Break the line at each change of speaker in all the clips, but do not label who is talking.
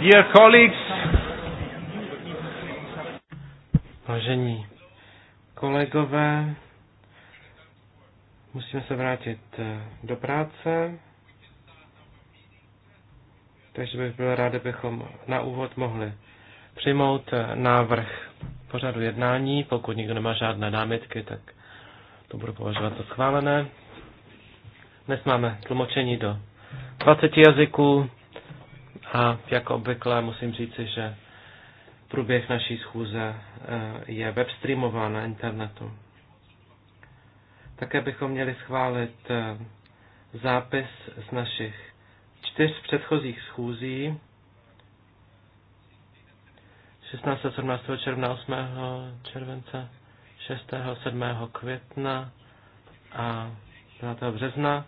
Dear colleagues,
vážení kolegové, musíme se vrátit eh, do práce, takže bych byl rád, abychom na úvod mohli přijmout eh, návrh pořadu jednání. Pokud nikdo nemá žádné námitky, tak to budu považovat za schválené. Dnes máme tlumočení do 20 jazyků a jako obvykle musím říci, že průběh naší schůze eh, je webstreamován na internetu. Také bychom měli schválit eh, zápis z našich čtyř předchozích schůzí 16. 17. června, 8. července, 6. 7. května a 9. března.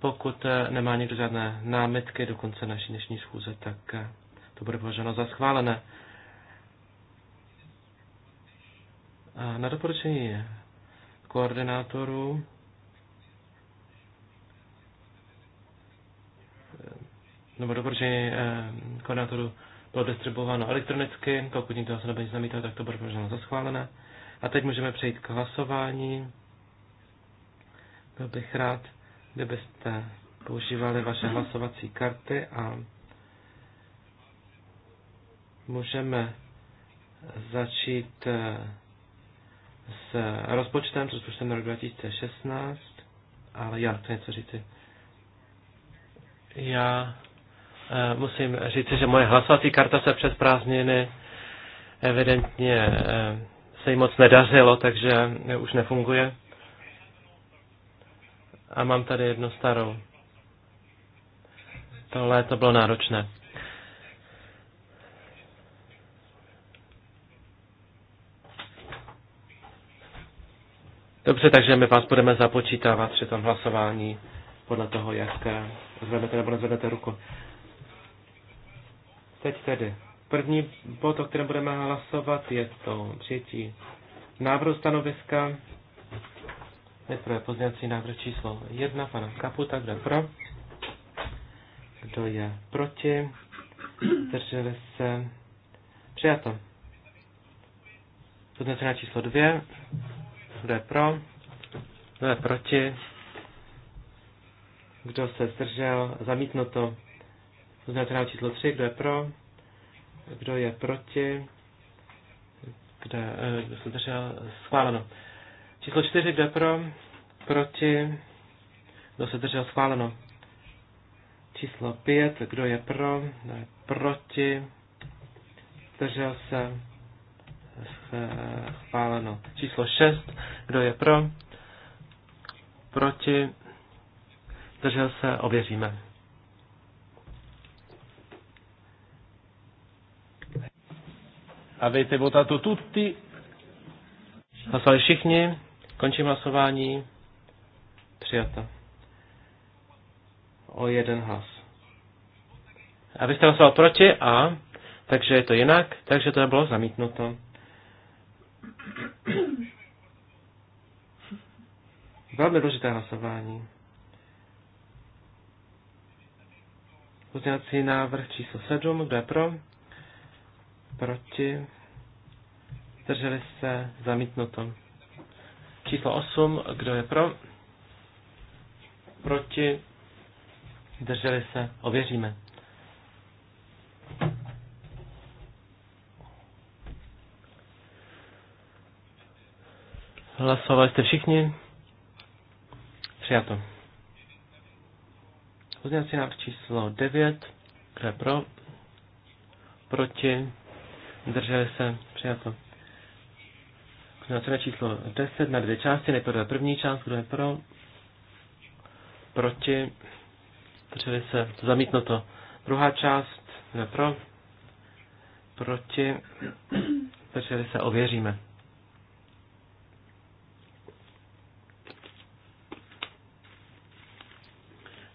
Pokud eh, nemá někdo žádné námitky do konce naší dnešní schůze, tak eh, to bude považováno za schválené. A na doporučení koordinátorů eh, nebo doporučení koordinátorů bylo distribuováno elektronicky, pokud nikdo se nebude nic tak to bude považováno za schválené. A teď můžeme přejít k hlasování. Byl bych rád, kdybyste používali vaše mhm. hlasovací karty a můžeme začít eh, s rozpočtem, s rozpočtem na rok 2016, ale já chci něco říci. Já eh, musím říci, že moje hlasovací karta se přes prázdniny evidentně eh, se jí moc nedařilo, takže už nefunguje. A mám tady jednu starou. To léto bylo náročné. Dobře, takže my vás budeme započítávat při tom hlasování podle toho, jak eh, zvednete nebo nezvednete ruku. Teď tedy. První bod, o kterém budeme hlasovat, je to přijetí návrhu stanoviska Nejprve pozdělací návrh číslo 1 pana Kaputa, kdo je pro, kdo je proti, zdrželi se, přijato. Pozdělací návrh číslo 2, kdo je pro, kdo je proti, kdo se zdržel, zamítnuto. Pozměňovací návrh číslo 3, kdo je pro, kdo je proti, Kde, eh, kdo se zdržel, schváleno. Číslo jako čtyři, kde pro, proti, kdo se držel schváleno. Číslo pět, kdo je pro, kdo je proti, držel se schváleno. Číslo šest, kdo je pro, proti, držel se, ověříme. Avete votato tutti? Hlasovali všichni? Končím hlasování. Přijata. O jeden hlas. A vy jste hlasoval proti a, takže je to jinak, takže to bylo zamítnuto. Velmi důležité hlasování. Pozměňovací návrh číslo 7, kdo je pro? Proti? Drželi se, zamítnuto. Číslo 8, kdo je pro? Proti? Drželi se? Ověříme. Hlasovali jste všichni? Přijato. Pozměňovací návrh číslo 9. Kdo je pro? Proti? Drželi se? Přijato. Značené číslo 10 na dvě části, nejprve první část, kdo je pro, proti, drželi se, zamítnuto. Druhá část, kdo je pro, proti, drželi se, ověříme.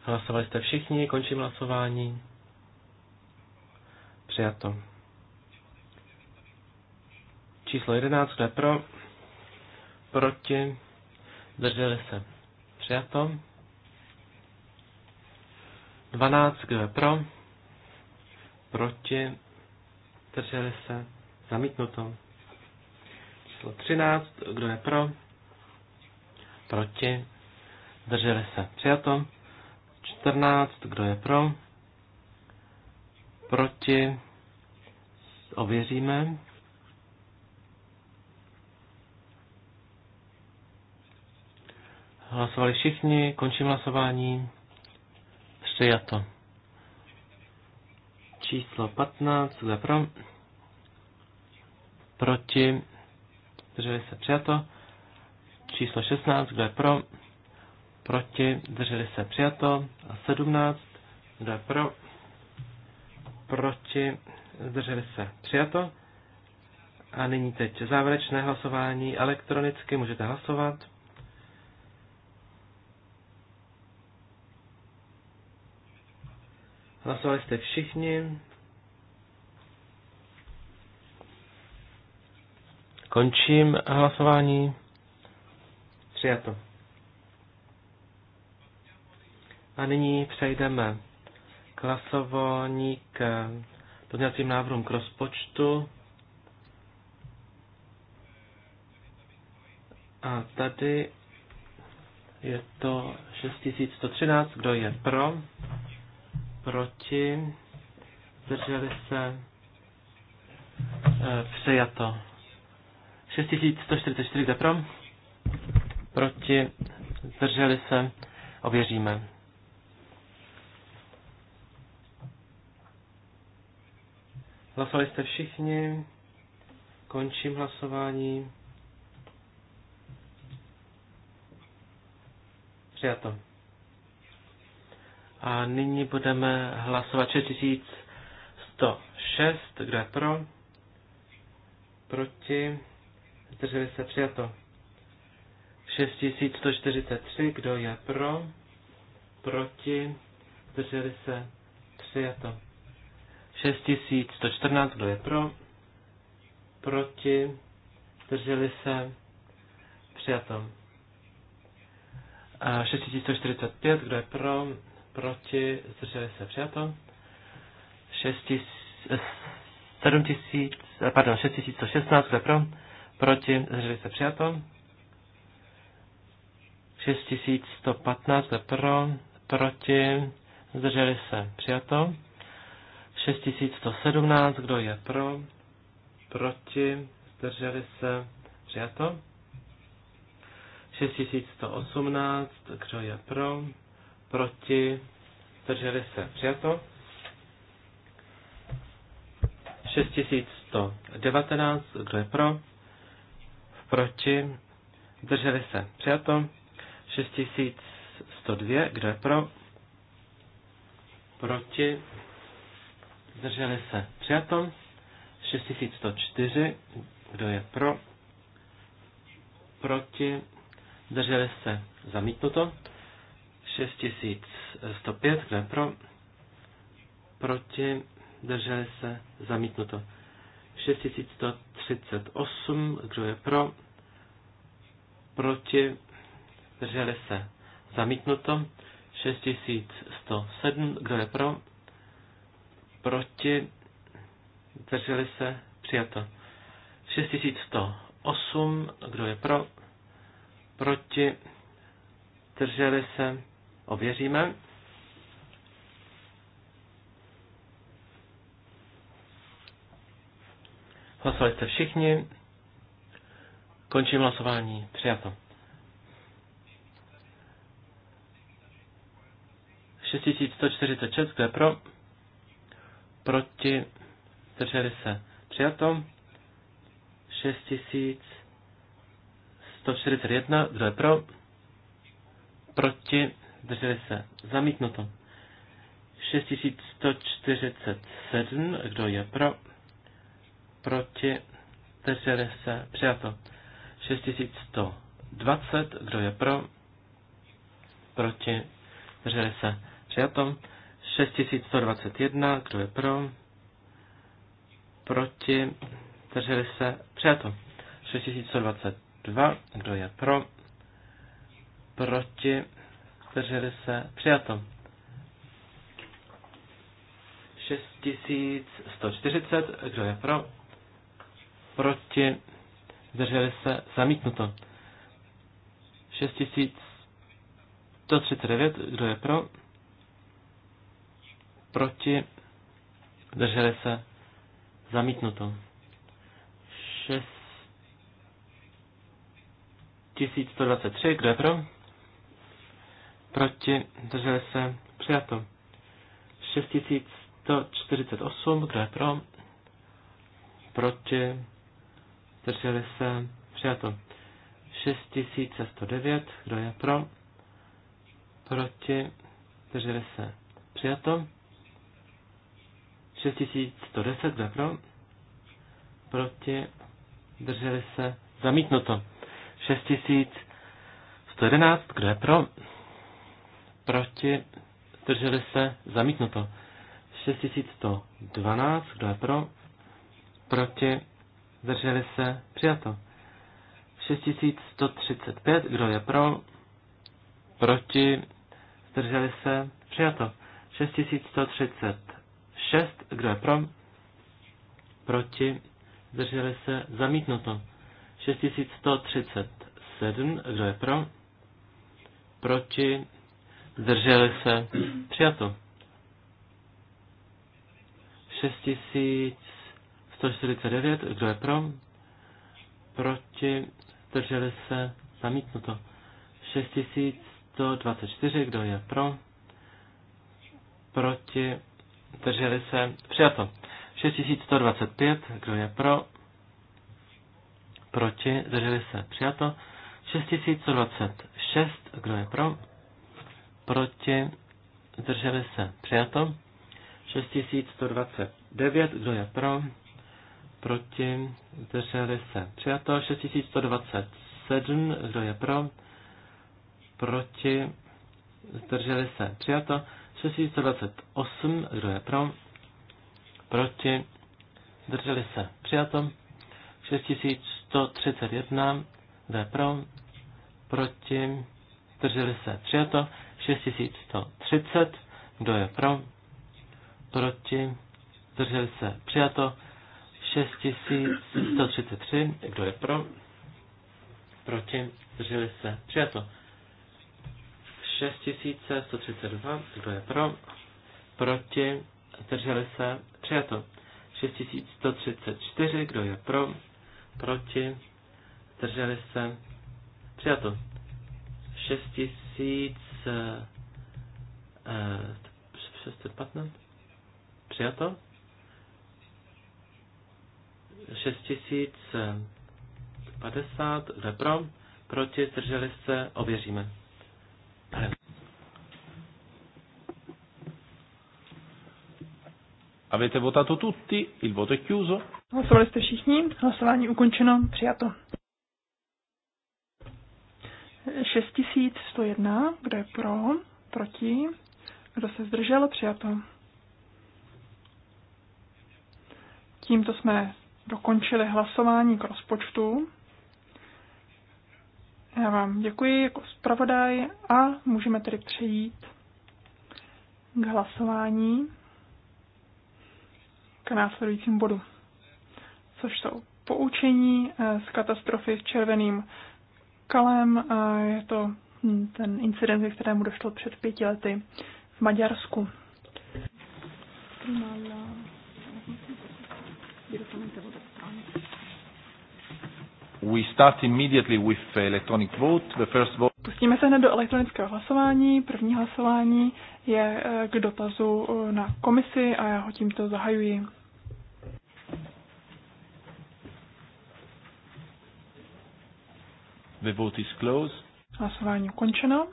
Hlasovali jste všichni, končím hlasování. Přijato. Číslo 11, kdo je pro? proti, drželi se, přijato. 12, kdo je pro, proti, drželi se, zamítnuto. Číslo 13, kdo je pro, proti, drželi se, přijato. 14, kdo je pro, proti, ověříme. Hlasovali všichni, končím hlasování. Přijato. Číslo 15, je pro? Proti. Drželi se přijato. Číslo 16, je pro? Proti. Drželi se přijato. A 17, je pro? Proti. Zdrželi se přijato. A nyní teď závěrečné hlasování elektronicky. Můžete hlasovat. Hlasovali jste všichni. Končím hlasování. Přijato. A nyní přejdeme k hlasování k pozměňovacím návrhům k rozpočtu. A tady je to 6113. Kdo je pro? proti, zdrželi se, e, přijato. 6144 za pro, proti, zdrželi se, ověříme. Hlasovali jste všichni, končím hlasování. Přijato. A nyní budeme hlasovat 6106. Kdo je pro? Proti? Zdrželi se přijato. 6143. Kdo je pro? Proti? Zdrželi se přijato. 6114. Kdo je pro? Proti? Zdrželi se přijato. 6145. Kdo je pro? proti, zdrželi se přijato. 6116, kdo pro, proti, zdrželi se přijato. 6115, kdo pro, proti, zdrželi se přijato. 6117, kdo je pro, proti, zdrželi se přijato. 6118, kdo je pro, proti, zdrželi se, přijato. 6119, kdo je pro, proti, zdrželi se, přijato. 6102, kdo je pro, proti, zdrželi se, přijato. 6104, kdo je pro, proti, zdrželi se, zamítnuto. 6105, kdo je pro, proti, drželi se, zamítnuto. 6138, kdo je pro, proti, drželi se, zamítnuto. 6107, kdo je pro, proti, drželi se, přijato. 6108, kdo je pro, proti, drželi se, ověříme. Hlasovali jste všichni. Končím hlasování. Přijato. 6146, kdo je pro? Proti? Zdrželi se. Přijato. 6141, kdo je pro? Proti? drželi se, zamítnuto. 6147, kdo je pro, proti, drželi se, přijato. 6120, kdo je pro, proti, drželi se, přijato. 6121, kdo je pro, proti, drželi se, přijato. 6122, kdo je pro, proti, zdrželi se, přijato. 6140, kdo je pro, proti, zdrželi se, zamítnuto. 6139, kdo je pro, proti, zdrželi se, zamítnuto. 6123, kdo je pro, proti, drželi se, přijato. 6148, kdo je pro, proti, drželi se, přijato. 6109, kdo je pro, proti, drželi se, přijato. 6110, kdo je pro, proti, drželi se, zamítnuto. 6111, kdo je pro, proti, zdrželi se, zamítnuto. 6112, kdo je pro, proti, zdrželi se, přijato. 6135, kdo je pro, proti, zdrželi se, přijato. 6136, kdo je pro, proti, zdrželi se, zamítnuto. 6137, kdo je pro, proti, Zdrželi se? Přijato. 6149. Kdo je pro? Proti? Zdrželi se? Zamítnuto. 6124. Kdo je pro? Proti? Zdrželi se? Přijato. 6125. Kdo je pro? Proti? Zdrželi se? Přijato. 6126. Kdo je pro? proti, zdrželi se, přijato. 6129, kdo je pro, proti, zdrželi se, přijato. 6127, kdo je pro, proti, zdrželi se, přijato. 6128, kdo je pro, proti, zdrželi se, přijato. 6131, kdo je pro, proti, zdrželi se, přijato. 6130. Kdo je pro? Proti? Zdrželi se. Přijato. 6133. Kdo je pro? Proti? Zdrželi se. Přijato. 6132. Kdo je pro? Proti? Zdrželi se. Přijato. 6134. Kdo je pro? Proti? Zdrželi se. Přijato. 6000 615? Eh, přijato? 6050 ve eh, pro, proti, zdrželi se, ověříme.
Avete votato tutti, il voto è chiuso.
Hlasovali jste všichni, hlasování ukončeno, přijato. 6101, kdo je pro, proti, kdo se zdržel, přijato. Tímto jsme dokončili hlasování k rozpočtu. Já vám děkuji jako zpravodaj a můžeme tedy přejít k hlasování k následujícím bodu, což jsou poučení eh, z katastrofy v červeným Kalem. Je to ten incident, ke kterému došlo před pěti lety v Maďarsku. We start immediately with electronic vote. The first vote. Pustíme se hned do elektronického hlasování. První hlasování je eh, k dotazu eh, na komisi a já ho tímto zahajuji.
The vote is closed.
Hlasování ukončeno.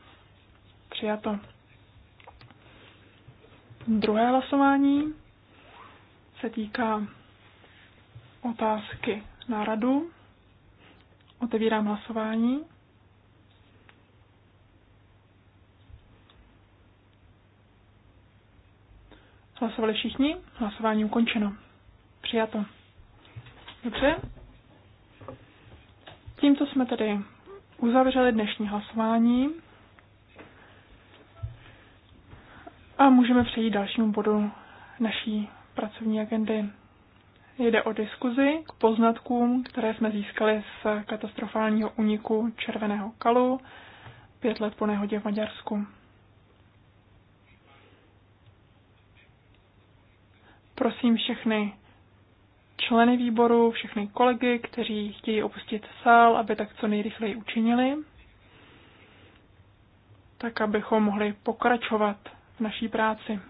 Přijato. Druhé hlasování se týká otázky na radu. Otevírám hlasování. Hlasovali všichni? Hlasování ukončeno. Přijato. Dobře. Tímto jsme tedy uzavřeli dnešní hlasování a můžeme přejít dalšímu bodu naší pracovní agendy. Jde o diskuzi k poznatkům, které jsme získali z katastrofálního úniku červeného kalu pět let po nehodě v Maďarsku. Prosím všechny členy výboru, všechny kolegy, kteří chtějí opustit sál, aby tak co nejrychleji učinili, tak abychom mohli pokračovat v naší práci.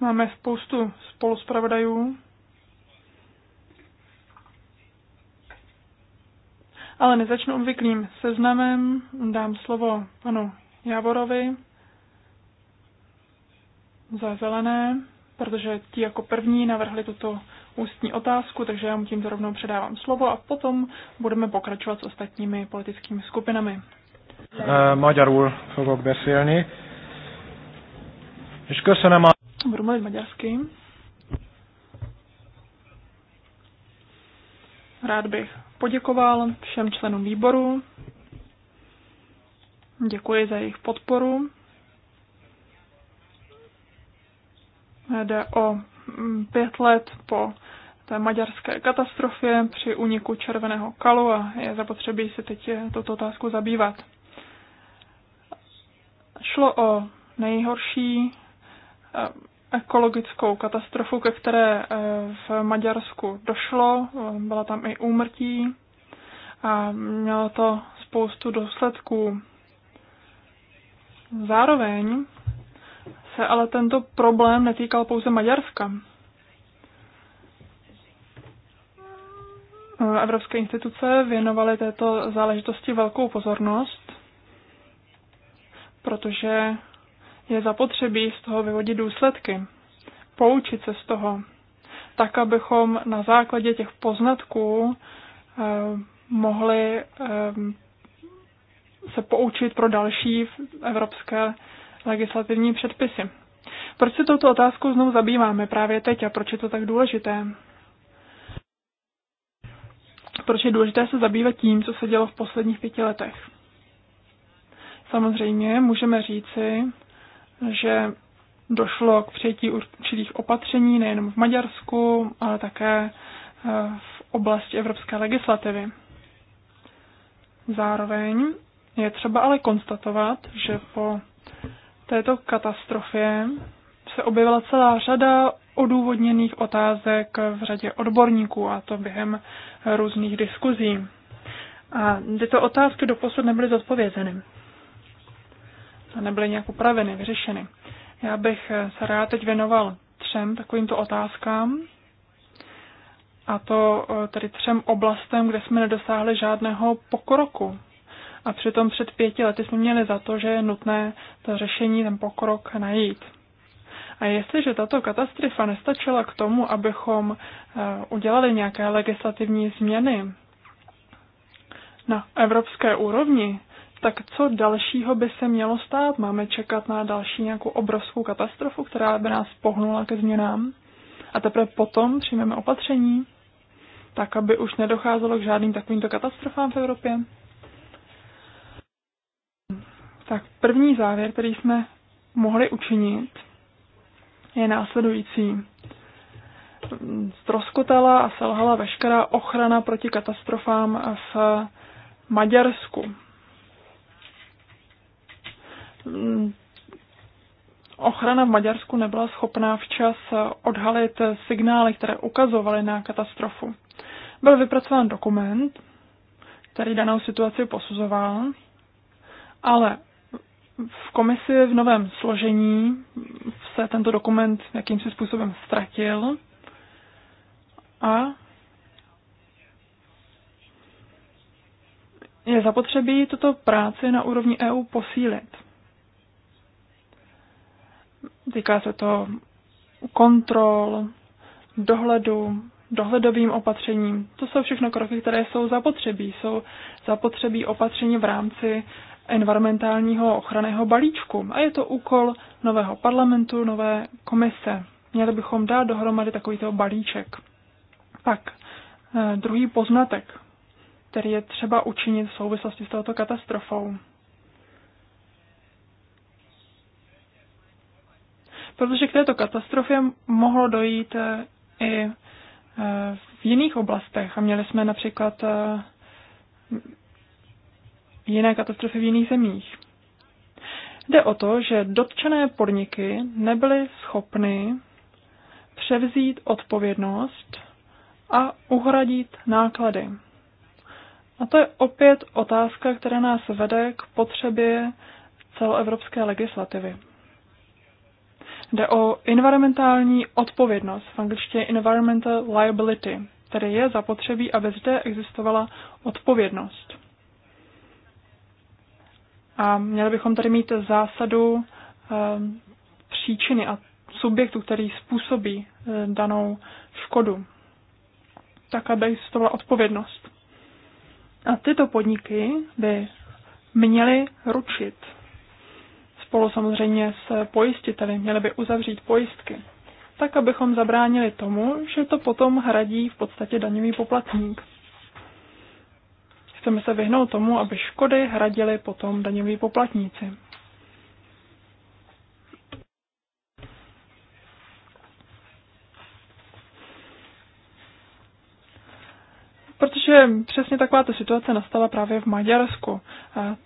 Máme spoustu spoluspravodajů. Ale nezačnu obvyklým seznamem, dám slovo panu Javorovi za zelené, protože ti jako první navrhli tuto ústní otázku, takže já mu tím rovnou předávám slovo a potom budeme pokračovat s ostatními politickými skupinami.
Eh, Magyarul fogok beszélni. És köszönöm a...
Budu mluvit maďarsky. Rád bych poděkoval všem členům výboru. Děkuji za jejich podporu. Jde o pět let po té maďarské katastrofě při úniku červeného kalu a je zapotřebí se teď tuto otázku zabývat. Šlo o nejhorší ekologickou katastrofu, ke které eh, v Maďarsku došlo. Eh, byla tam i úmrtí a mělo to spoustu důsledků. Zároveň se ale tento problém netýkal pouze Maďarska. Eh, evropské instituce věnovaly této záležitosti velkou pozornost, protože je zapotřebí z toho vyvodit důsledky, poučit se z toho, tak abychom na základě těch poznatků eh, mohli eh, se poučit pro další evropské legislativní předpisy. Proč se touto otázkou znovu zabýváme právě teď a proč je to tak důležité? Proč je důležité se zabývat tím, co se dělo v posledních pěti letech? Samozřejmě můžeme říci, že došlo k přijetí určitých opatření nejenom v Maďarsku, ale také eh, v oblasti evropské legislativy. Zároveň je třeba ale konstatovat, že po této katastrofě se objevila celá řada odůvodněných otázek v řadě odborníků, a to během různých diskuzí. A tyto otázky doposud nebyly zodpovězeny nebyly nějak upraveny, vyřešeny. Já bych se rád teď věnoval třem takovýmto otázkám, a to e, tedy třem oblastem, kde jsme nedosáhli žádného pokroku. A přitom před pěti lety jsme měli za to, že je nutné to řešení, ten pokrok najít. A jestliže tato katastrofa nestačila k tomu, abychom e, udělali nějaké legislativní změny na evropské úrovni, tak co dalšího by se mělo stát? Máme čekat na další nějakou obrovskou katastrofu, která by nás pohnula ke změnám? A teprve potom přijmeme opatření, tak aby už nedocházelo k žádným takovýmto katastrofám v Evropě? Tak první závěr, který jsme mohli učinit, je následující. Stroskotala a selhala veškerá ochrana proti katastrofám v Maďarsku. Mm, ochrana v Maďarsku nebyla schopná včas odhalit signály, které ukazovaly na katastrofu. Byl vypracován dokument, který danou situaci posuzoval, ale v komisi v novém složení se tento dokument jakýmsi způsobem ztratil a je zapotřebí tuto práci na úrovni EU posílit. Týká se to kontrol, dohledu, dohledovým opatřením. To jsou všechno kroky, které jsou zapotřebí. Jsou zapotřebí opatření v rámci environmentálního ochranného balíčku. A je to úkol nového parlamentu, nové komise. Měli bychom dát dohromady takovýto balíček. Pak eh, druhý poznatek, který je třeba učinit v souvislosti s touto katastrofou. protože k této katastrofě mohlo dojít eh, i eh, v jiných oblastech. A měli jsme například eh, jiné katastrofy v jiných zemích. Jde o to, že dotčené podniky nebyly schopny převzít odpovědnost a uhradit náklady. A to je opět otázka, která nás vede k potřebě celoevropské legislativy. Jde o environmentální odpovědnost, v angličtině environmental liability, tedy je zapotřebí, aby zde existovala odpovědnost. A měli bychom tady mít zásadu ehm, příčiny a subjektu, který způsobí eh, danou škodu, tak aby existovala odpovědnost. A tyto podniky by měly ručit spolu samozřejmě s pojistiteli, měli by uzavřít pojistky, tak abychom zabránili tomu, že to potom hradí v podstatě daňový poplatník. Chceme se vyhnout tomu, aby škody hradili potom daňoví poplatníci. Protože přesně taková ta situace nastala právě v Maďarsku.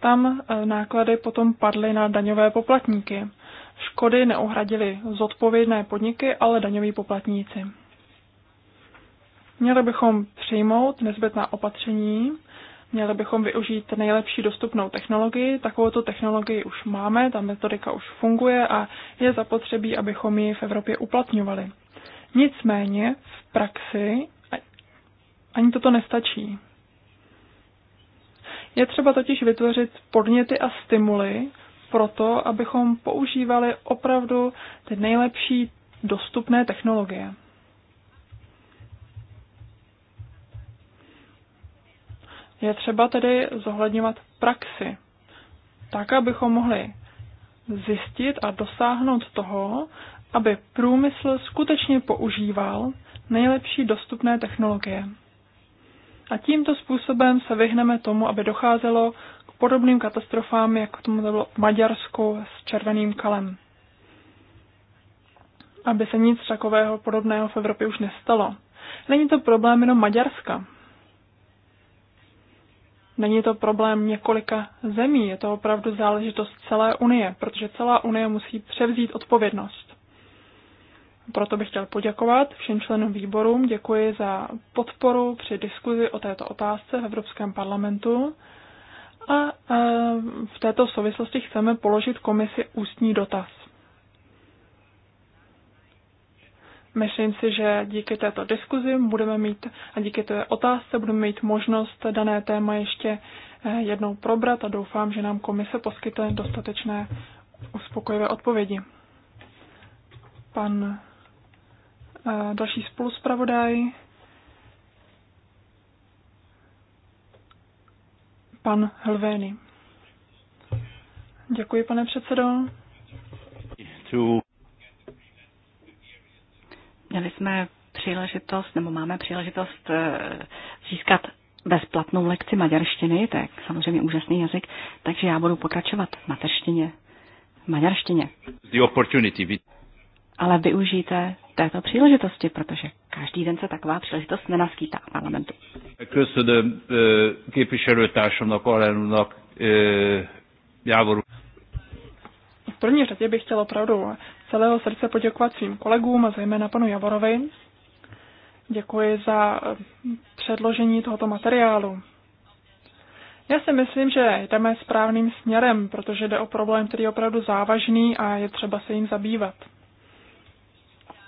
Tam e, náklady potom padly na daňové poplatníky. Škody neuhradili zodpovědné podniky, ale daňoví poplatníci. Měli bychom přijmout nezbytná opatření, měli bychom využít nejlepší dostupnou technologii. Takovouto technologii už máme, ta metodika už funguje a je zapotřebí, abychom ji v Evropě uplatňovali. Nicméně v praxi ani toto nestačí. Je třeba totiž vytvořit podněty a stimuly pro to, abychom používali opravdu ty nejlepší dostupné technologie. Je třeba tedy zohledňovat praxi, tak abychom mohli zjistit a dosáhnout toho, aby průmysl skutečně používal nejlepší dostupné technologie. A tímto způsobem se vyhneme tomu, aby docházelo k podobným katastrofám, jako tomu to bylo v Maďarsku s červeným kalem. Aby se nic takového podobného v Evropě už nestalo. Není to problém jenom Maďarska. Není to problém několika zemí, je to opravdu záležitost celé Unie, protože celá Unie musí převzít odpovědnost. Proto bych chtěl poděkovat všem členům výborům. Děkuji za podporu při diskuzi o této otázce v Evropském parlamentu. A v této souvislosti chceme položit komisi ústní dotaz. Myslím si, že díky této diskuzi budeme mít a díky té otázce budeme mít možnost dané téma ještě eh, jednou probrat a doufám, že nám komise poskytne dostatečné uspokojivé odpovědi. Pan další spoluspravodaj, pan Hlvény. Děkuji, pane předsedo.
Měli jsme příležitost, nebo máme příležitost eh, získat bezplatnou lekci maďarštiny, tak samozřejmě úžasný jazyk, takže já budu pokračovat v mateřštině, maďarštině. The opportunity ale využijte této příležitosti, protože každý den se taková příležitost nenaskýtá v parlamentu.
V první řadě bych chtěl opravdu celého srdce poděkovat svým kolegům a zejména panu Javorovi. Děkuji za předložení tohoto materiálu. Já si myslím, že jdeme správným směrem, protože jde o problém, který je opravdu závažný a je třeba se jim zabývat.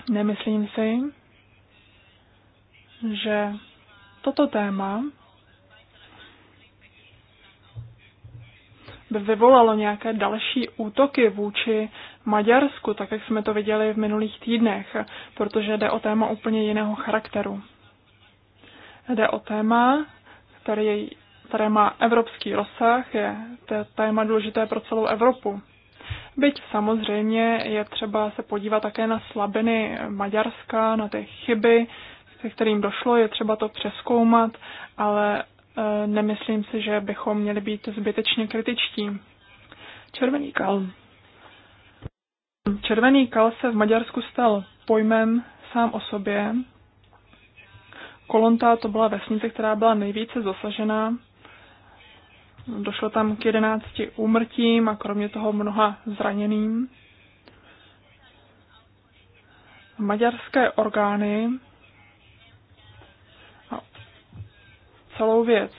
Nemyslím si, že toto téma by vyvolalo nějaké další útoky vůči Maďarsku, tak jak jsme to viděli v minulých týdnech, protože jde o téma úplně jiného charakteru. Jde o téma, které má evropský rozsah, je to téma důležité pro celou Evropu. Byť samozřejmě je třeba se podívat také na slabiny Maďarska, na ty chyby, se kterým došlo, je třeba to přeskoumat, ale e, nemyslím si, že bychom měli být zbytečně kritičtí. Červený kal. Červený kal se v Maďarsku stal pojmem sám o sobě. Kolonta to byla vesnice, která byla nejvíce zasažená Došlo tam k 11 úmrtím a kromě toho mnoha zraněným. Maďarské orgány celou věc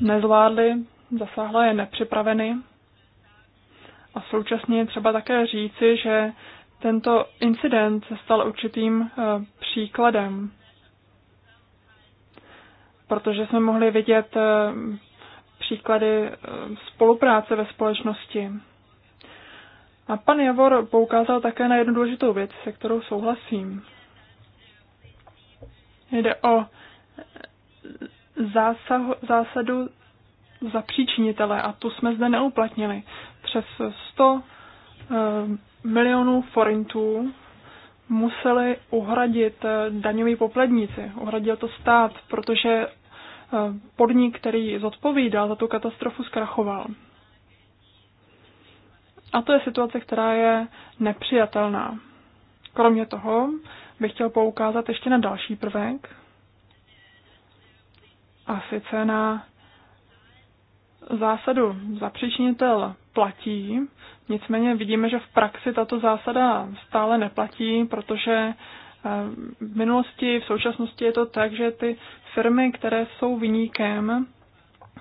nezvládly, zasáhla je nepřipraveny. A současně je třeba také říci, že tento incident se stal určitým eh, příkladem protože jsme mohli vidět eh, příklady eh, spolupráce ve společnosti. A pan Javor poukázal také na jednu důležitou věc, se kterou souhlasím. Jde o eh, zásahu, zásadu zapříčinitele a tu jsme zde neuplatnili. Přes 100 milionů forintů museli uhradit eh, daňoví poplatníci. Uhradil to stát, protože eh, podnik, který zodpovídal za tu katastrofu, zkrachoval. A to je situace, která je nepřijatelná. Kromě toho bych chtěl poukázat ještě na další prvek, a sice na zásadu zapříčinitel platí, nicméně vidíme, že v praxi tato zásada stále neplatí, protože eh, v minulosti, v současnosti je to tak, že ty firmy, které jsou vyníkem,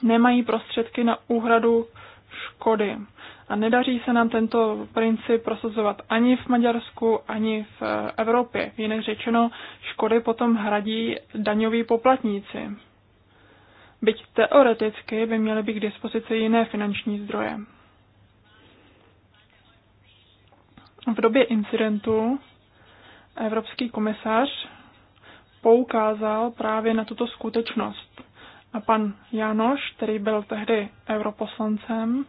nemají prostředky na úhradu škody. A nedaří se nám tento princip prosazovat ani v Maďarsku, ani v eh, Evropě. Jinak řečeno, škody potom hradí daňoví poplatníci byť teoreticky by měly být k dispozici jiné finanční zdroje. V době incidentu evropský komisař poukázal právě na tuto skutečnost. A pan Janoš, který byl tehdy europoslancem,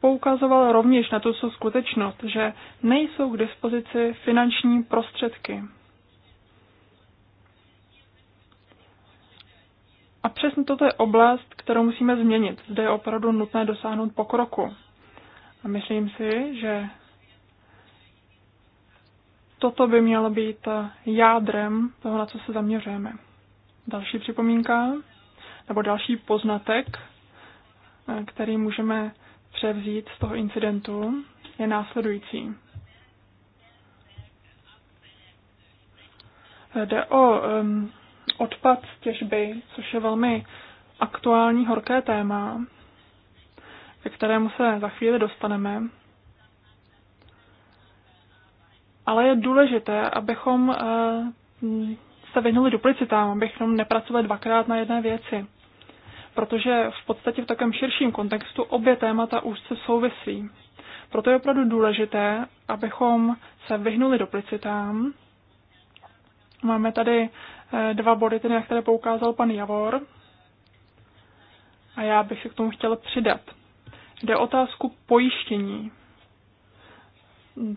poukazoval rovněž na tuto skutečnost, že nejsou k dispozici finanční prostředky A přesně toto je oblast, kterou musíme změnit. Zde je opravdu nutné dosáhnout pokroku. A myslím si, že toto by mělo být jádrem toho, na co se zaměřujeme. Další připomínka nebo další poznatek, který můžeme převzít z toho incidentu, je následující. Jde o um, odpad z těžby, což je velmi aktuální horké téma, ke kterému se za chvíli dostaneme. Ale je důležité, abychom eh, se vyhnuli duplicitám, abychom nepracovali dvakrát na jedné věci. Protože v podstatě v takém širším kontextu obě témata se souvisí. Proto je opravdu důležité, abychom se vyhnuli duplicitám. Máme tady Eh, dva body, ty na které poukázal pan Javor. A já bych se k tomu chtěla přidat. Jde otázku pojištění.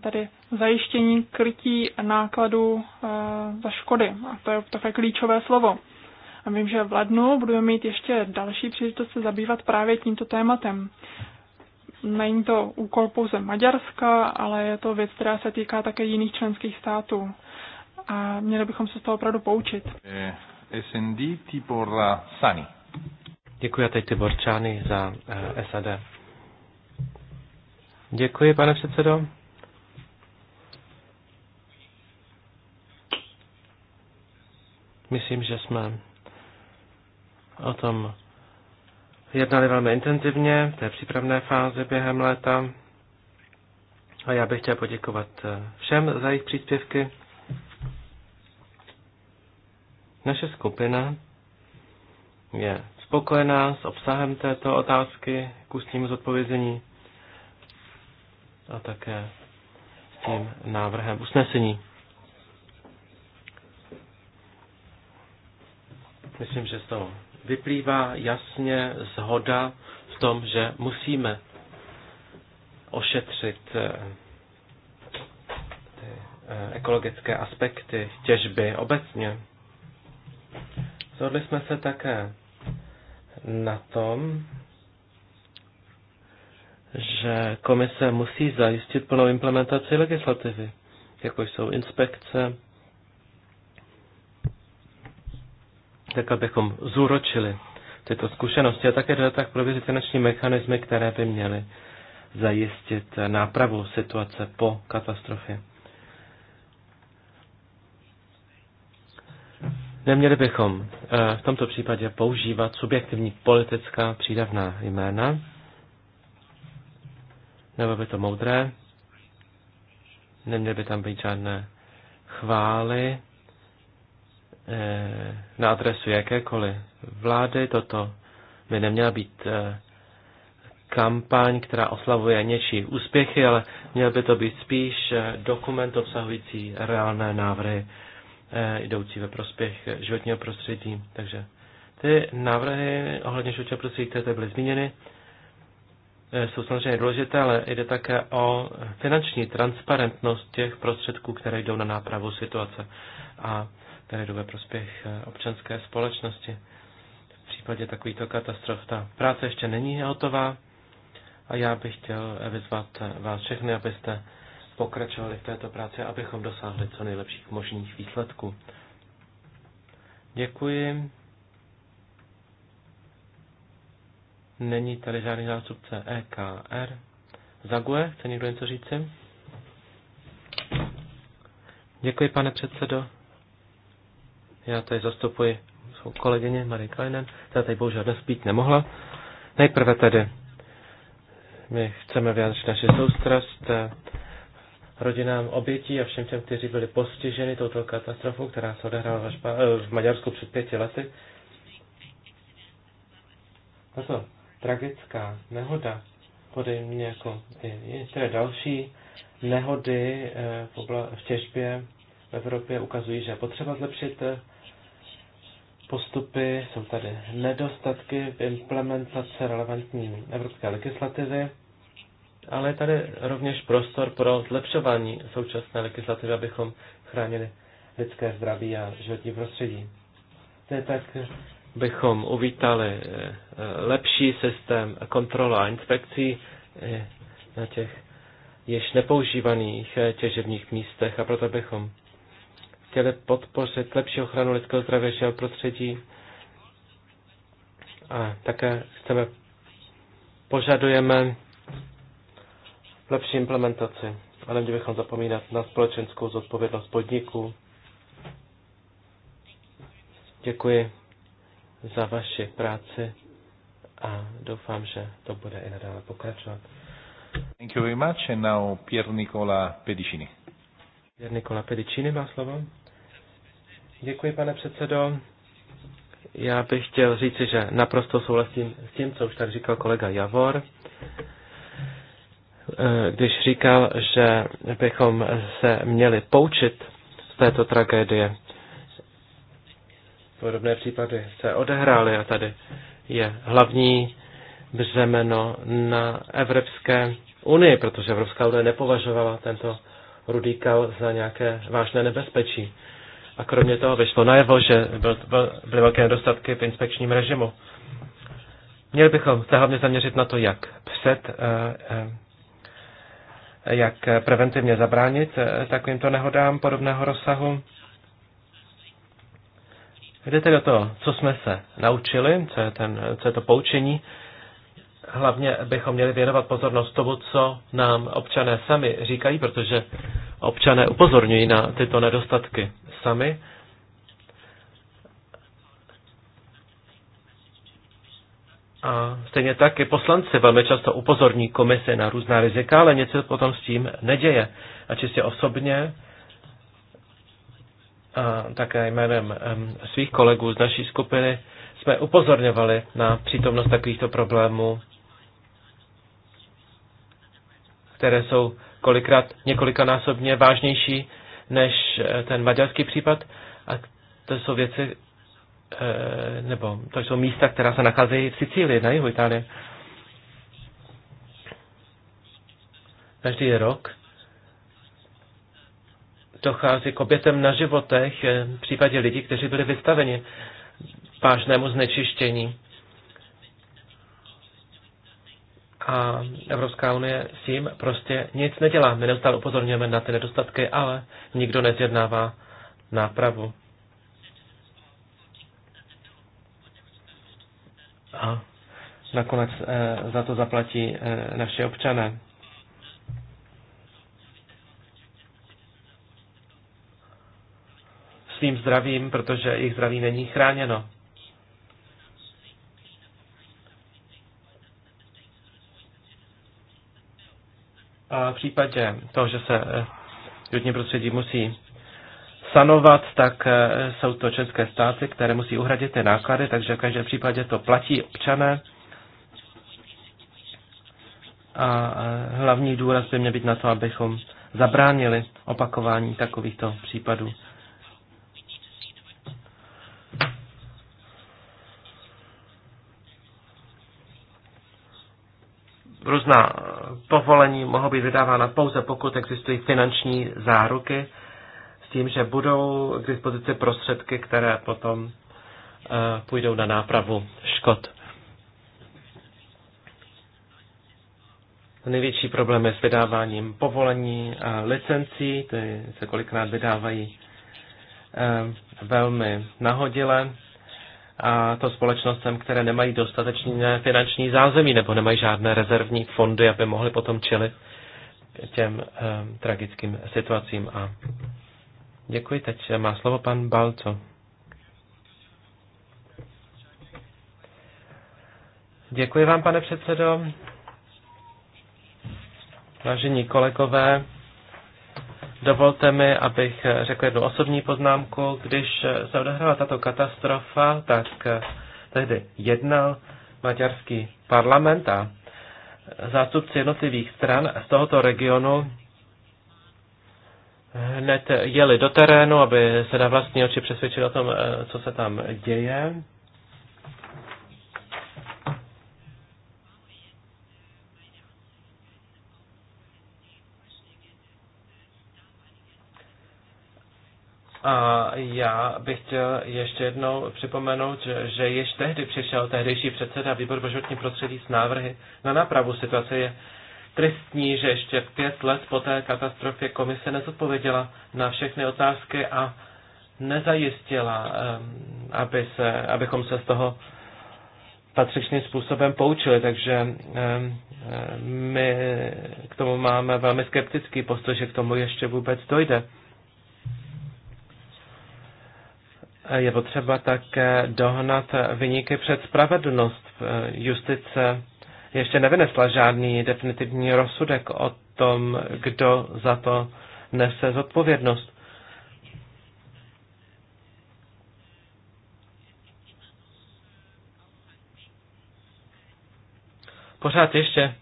Tady zajištění krytí nákladů eh, za škody. A to je také klíčové slovo. A vím, že v lednu budeme mít ještě další příležitost se zabývat právě tímto tématem. Není to úkol pouze Maďarska, ale je to věc, která se týká také jiných členských států a měli bychom se z toho opravdu poučit.
Eh, SND Tibor eh, Sani. Děkuji a teď Tibor Čány za eh, SAD. Děkuji, pane předsedo. Myslím, že jsme o tom jednali velmi intenzivně v té přípravné fázi během léta. A já bych chtěl poděkovat všem za jejich příspěvky. Naše skupina je spokojená s obsahem této otázky k ústnímu zodpovězení a také s tím návrhem usnesení. Myslím, že z toho vyplývá jasně zhoda v tom, že musíme ošetřit eh, ty eh, ekologické aspekty těžby obecně. Zhodli jsme se také na tom, že komise musí zajistit plnou implementaci legislativy, jako jsou inspekce, tak abychom zúročili tyto zkušenosti a také jde tak prověřit finanční mechanismy, které by měly zajistit nápravu situace po katastrofě. Neměli bychom eh, v tomto případě používat subjektivní politická přídavná jména. Nebo by to moudré. Neměly by tam být žádné chvály eh, na adresu jakékoliv vlády. Toto by neměla být eh, kampaň, která oslavuje něčí úspěchy, ale měl by to být spíš dokument obsahující reálné návrhy Eh, jdoucí ve prospěch životního prostředí. Takže ty návrhy ohledně životního prostředí, které byly zmíněny, eh, jsou samozřejmě důležité, ale jde také o finanční transparentnost těch prostředků, které jdou na nápravu situace a které jdou ve prospěch eh, občanské společnosti. V případě takovýto katastrof ta práce ještě není hotová a já bych chtěl vyzvat vás všechny, abyste pokračovali v této práci, abychom dosáhli co nejlepších možných výsledků. Děkuji. Není tady žádný zástupce EKR. Zague, chce někdo něco říci? Děkuji, pane předsedo. Já tady zastupuji svou kolegyně Marie Kleinen, která tady bohužel dnes být nemohla. Nejprve tedy my chceme vyjádřit naši soustrast rodinám obětí a všem těm, kteří byli postiženi touto katastrofou, která se odehrála eh, v Maďarsku před pěti lety. Tato tragická nehoda, podejmě jako i některé další nehody eh, v těžbě v Evropě, ukazují, že je potřeba zlepšit eh, postupy, jsou tady nedostatky v implementace relevantní evropské legislativy ale je tady rovněž prostor pro zlepšování současné legislativy, abychom chránili lidské zdraví a životní prostředí. To je tak bychom uvítali eh, eh, lepší systém kontrol a inspekcí eh, na těch již nepoužívaných těžebních místech a proto bychom chtěli podpořit lepší ochranu lidského zdraví a prostředí a také chceme, požadujeme lepší implementaci. A neměli bychom zapomínat na společenskou zodpovědnost podniků. Děkuji za vaši práci a doufám, že to bude i nadále pokračovat. Thank you very much and now Pier Nicola Pedicini. Pier Nicola Pedicini má slovo. Děkuji, pane předsedo. Já bych chtěl říci, že naprosto souhlasím s tím, co už tak říkal kolega Javor. Eh, když říkal, že bychom se měli poučit z této tragédie. Podobné případy se odehrály a tady je hlavní břemeno na Evropské unii, protože Evropská unie nepovažovala tento rudý kal za nějaké vážné nebezpečí. A kromě toho vyšlo najevo, že byl, byl, byly velké nedostatky v inspekčním režimu. Měli bychom se hlavně zaměřit na to, jak před uh, uh, jak preventivně zabránit eh, takovýmto nehodám podobného rozsahu. Jde tedy o to, co jsme se naučili, co je, ten, co je to poučení. Hlavně bychom měli věnovat pozornost tomu, co nám občané sami říkají, protože občané upozorňují na tyto nedostatky sami. A stejně tak i poslanci velmi často upozorní komise na různá rizika, ale nic se potom s tím neděje. A čistě osobně, a také jménem svých kolegů z naší skupiny, jsme upozorňovali na přítomnost takovýchto problémů, které jsou kolikrát několikanásobně vážnější než eh, ten maďarský případ. A to jsou věci, Eh, nebo to jsou místa, která se nacházejí v Sicílii, na jihu Itálie. Každý rok dochází k obětem na životech eh, v případě lidí, kteří byli vystaveni vážnému znečištění. A Evropská unie s tím prostě nic nedělá. My neustále upozorňujeme na ty nedostatky, ale nikdo nezjednává nápravu. a nakonec eh, za to zaplatí eh, naše občané. Svým zdravím, protože jejich zdraví není chráněno. A v případě toho, že se eh, životní prostředí musí sanovat, tak eh, jsou to české státy, které musí uhradit ty náklady, takže v každém případě to platí občané. A eh, hlavní důraz by měl být na to, abychom zabránili opakování takovýchto případů. Různá povolení mohou být vydávána pouze, pokud existují finanční záruky, s tím, že budou k dispozici prostředky, které potom eh, půjdou na nápravu škod. Největší problém je s vydáváním povolení a licencí, ty se kolikrát vydávají eh, velmi nahodile a to společnostem, které nemají dostatečné finanční zázemí nebo nemají žádné rezervní fondy, aby mohly potom čelit těm eh, tragickým situacím a Děkuji, teď má slovo pan Balco. Děkuji vám, pane předsedo. Vážení kolegové, dovolte mi, abych řekl jednu osobní poznámku. Když se odehrála tato katastrofa, tak tehdy jednal maďarský parlament a zástupci jednotlivých stran z tohoto regionu hned jeli do terénu, aby se na vlastní oči přesvědčili o tom, eh, co se tam děje. A já bych chtěl ještě jednou připomenout, že, že již tehdy přišel tehdejší předseda výboru pro životní prostředí s návrhy na nápravu situace. Je tristní, že ještě pět let po té katastrofě komise nezodpověděla na všechny otázky a nezajistila, aby se, abychom se z toho patřičným způsobem poučili, takže my k tomu máme velmi skeptický postoj, že k tomu ještě vůbec dojde. Je potřeba také dohnat vyniky před spravedlnost justice ještě nevynesla žádný definitivní rozsudek o tom, kdo za to nese zodpovědnost. Pořád ještě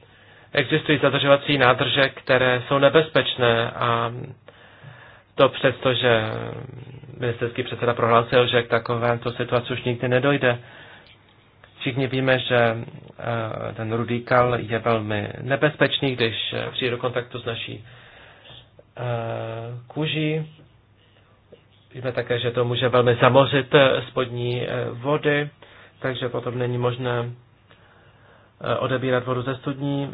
existují zadržovací nádrže, které jsou nebezpečné a to přesto, že ministerský předseda prohlásil, že k takovémto situaci už nikdy nedojde. Všichni víme, že eh, ten rudý kal je velmi nebezpečný, když eh, přijde do kontaktu s naší eh, kůží. Víme také, že to může velmi zamořit spodní vody, takže potom není možné odebírat vodu ze studní.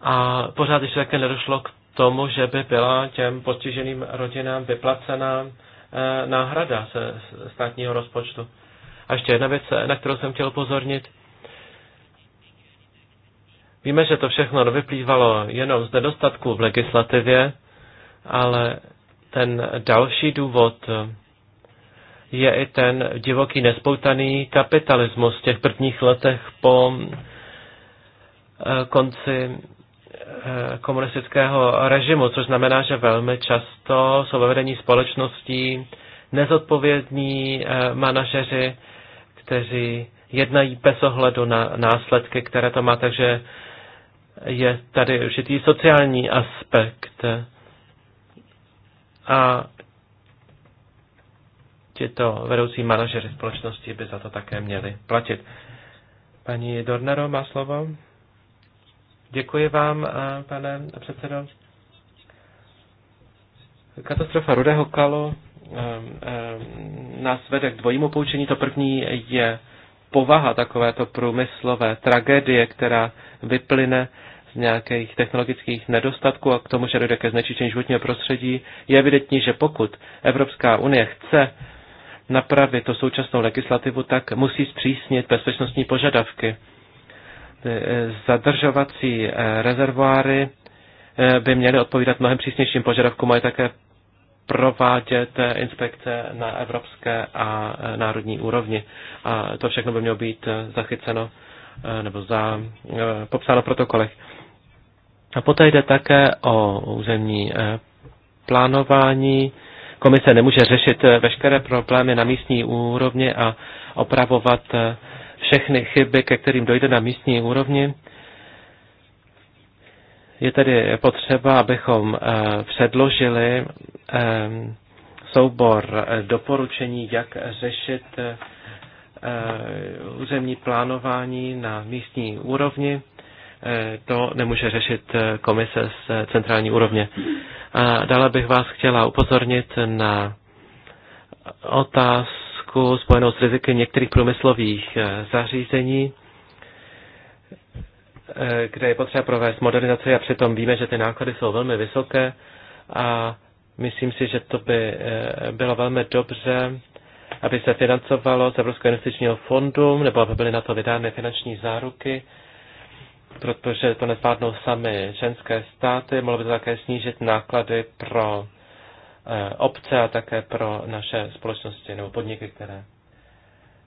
A pořád ještě také nedošlo k tomu, že by byla těm postiženým rodinám vyplacena Eh, náhrada ze státního rozpočtu. A ještě jedna věc, eh, na kterou jsem chtěl pozornit. Víme, že to všechno vyplývalo jenom z nedostatku v legislativě, ale ten další důvod eh, je i ten divoký nespoutaný kapitalismus v těch prvních letech po konci Eh, komunistického režimu, což znamená, že velmi často jsou ve vedení společností nezodpovědní eh, manažeři, kteří jednají bez ohledu na následky, které to má, takže je tady určitý sociální aspekt. A tyto vedoucí manažery společnosti by za to také měli platit. Paní Dornero má slovo. Děkuji vám, eh, pane předsedo. Katastrofa Rudého kalu eh, eh, nás vede k dvojímu poučení. To první je povaha takovéto průmyslové tragédie, která vyplyne z nějakých technologických nedostatků a k tomu, že dojde ke znečištění životního prostředí, je evidentní, že pokud Evropská unie chce napravit to současnou legislativu, tak musí zpřísnit bezpečnostní požadavky Eh, zadržovací eh, rezervoáry eh, by měly odpovídat mnohem přísnějším požadavkům, mají také provádět inspekce na evropské a národní úrovni. A to všechno by mělo být zachyceno nebo za, popsáno v protokolech. A poté jde také o územní plánování. Komise nemůže řešit veškeré problémy na místní úrovni a opravovat všechny chyby, ke kterým dojde na místní úrovni. Je tedy potřeba, abychom eh, předložili eh, soubor doporučení, jak řešit eh, územní plánování na místní úrovni. To nemůže řešit komise z centrální úrovně. A dále bych vás chtěla upozornit na otázku, riziku, spojenou s riziky některých průmyslových eh, zařízení, eh, kde je potřeba provést modernizaci a přitom víme, že ty náklady jsou velmi vysoké a myslím si, že to by eh, bylo velmi dobře, aby se financovalo z Evropského investičního fondu, nebo aby byly na to vydány finanční záruky, protože to nezvládnou sami ženské státy, mohlo by to také snížit náklady pro Eh, obce a také pro naše společnosti nebo podniky, které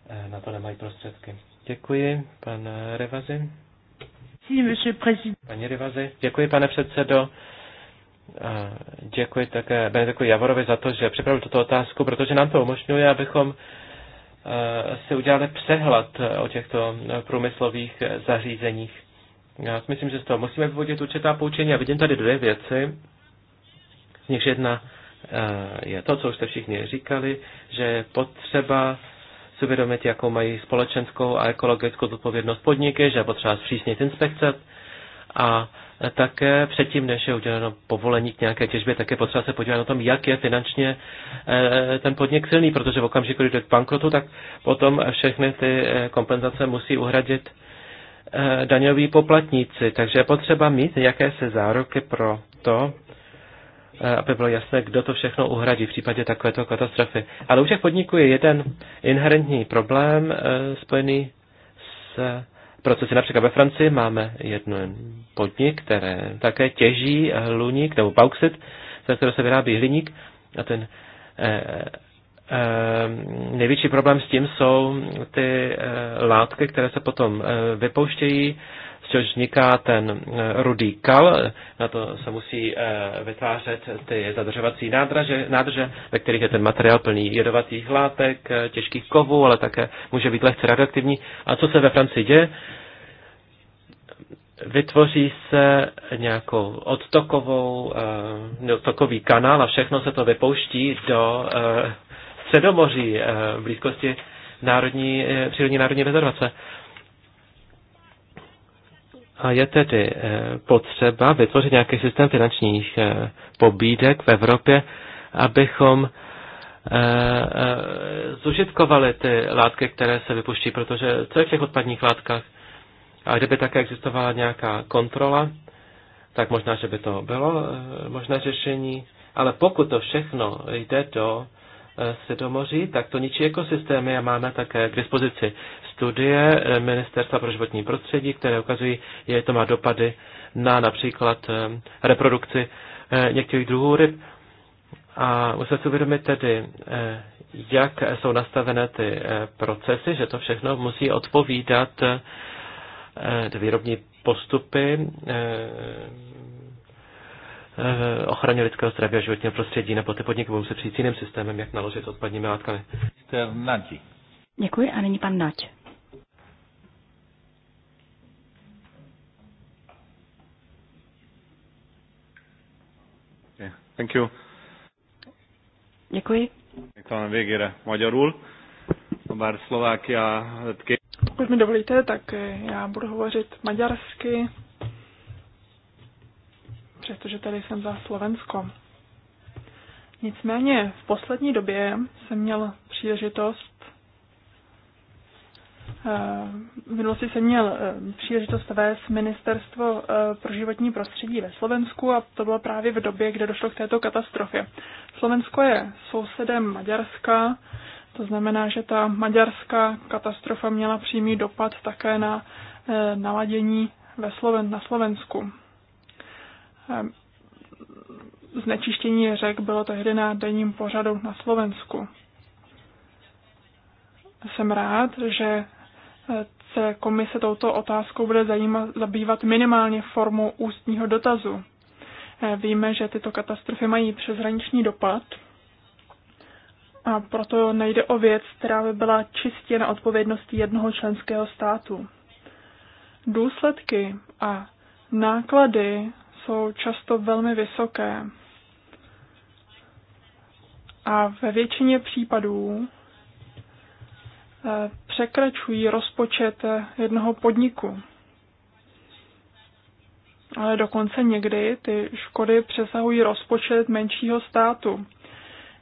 eh, na to nemají prostředky. Děkuji, pan Revazi. Pani Rivazi, děkuji, pane předsedo. Děkuji také Benediku Javorovi za to, že připravil tuto otázku, protože nám to umožňuje, abychom eh, si udělali přehled o těchto průmyslových zařízeních. Já si myslím, že z toho musíme vyvodit určitá poučení a vidím tady dvě věci. Z nich jedna Eh, je to, co už jste všichni říkali, že je potřeba si uvědomit, jakou mají společenskou a ekologickou zodpovědnost podniky, že je potřeba zpřísnit inspekce a také předtím, než je uděleno povolení k nějaké těžbě, tak je potřeba se podívat na tom, jak je finančně eh, ten podnik silný, protože v okamžiku, kdy jde k bankrotu, tak potom všechny ty eh, kompenzace musí uhradit daňoví poplatníci. Takže je potřeba mít jakési záruky pro to, Eh, aby bylo jasné, kdo to všechno uhradí v případě takovéto katastrofy. Ale u všech podniků je jeden inherentní problém eh, spojený s procesy. Například ve Francii máme jeden podnik, které také těží hluník nebo bauxit, ze kterého se vyrábí hliník a ten eh, největší problém s tím jsou ty látky, které se potom vypouštějí z čehož vzniká ten eh, rudý kal. Na to se musí eh, vytvářet ty zadržovací nádrže, nádrže, ve kterých je ten materiál plný jedovatých látek, eh, těžkých kovů, ale také může být lehce radioaktivní. A co se ve Francii děje? vytvoří se nějakou odtokovou, odtokový kanál a všechno se to vypouští do Středomoří v blízkosti národní, přírodní národní rezervace. A je tedy eh, potřeba vytvořit nějaký systém finančních eh, pobídek v Evropě, abychom eh, zužitkovali ty látky, které se vypuští, protože co je v těch odpadních látkách? A kdyby také existovala nějaká kontrola, tak možná, že by to bylo možné řešení, ale pokud to všechno jde do Eh, Sedomoří, tak to ničí ekosystémy a máme také k dispozici studie eh, Ministerstva pro životní prostředí, které ukazují, jak to má dopady na například eh, reprodukci některých druhů ryb. A musíme si uvědomit tedy, jak jsou nastavené ty procesy, že to všechno musí odpovídat výrobní postupy Eh, ochraně lidského zdraví a životního prostředí, nebo ty podniky budou se přijít jiným systémem, jak naložit s odpadními látkami.
Děkuji a nyní pan Nať.
thank you. Děkuji. Talán végére magyarul, bár Slovákia...
Pokud mi dovolíte, tak já budu hovořit maďarsky přestože tady jsem za Slovensko. Nicméně v poslední době jsem měl příležitost eh, v minulosti jsem měl eh, příležitost vést Ministerstvo eh, pro životní prostředí ve Slovensku a to bylo právě v době, kde došlo k této katastrofě. Slovensko je sousedem Maďarska, to znamená, že ta maďarská katastrofa měla přímý dopad také na naladění ve Sloven- na Slovensku. Ehm, znečištění řek bylo tehdy na denním pořadu na Slovensku. Jsem rád, že eh, se komise touto otázkou bude zajímat, zabývat minimálně formou ústního dotazu. Eh, víme, že tyto katastrofy mají přeshraniční dopad a proto nejde o věc, která by byla čistě na odpovědnosti jednoho členského státu. Důsledky a náklady jsou často velmi vysoké. A ve většině případů eh, překračují rozpočet eh, jednoho podniku. Ale dokonce někdy ty škody přesahují rozpočet menšího státu.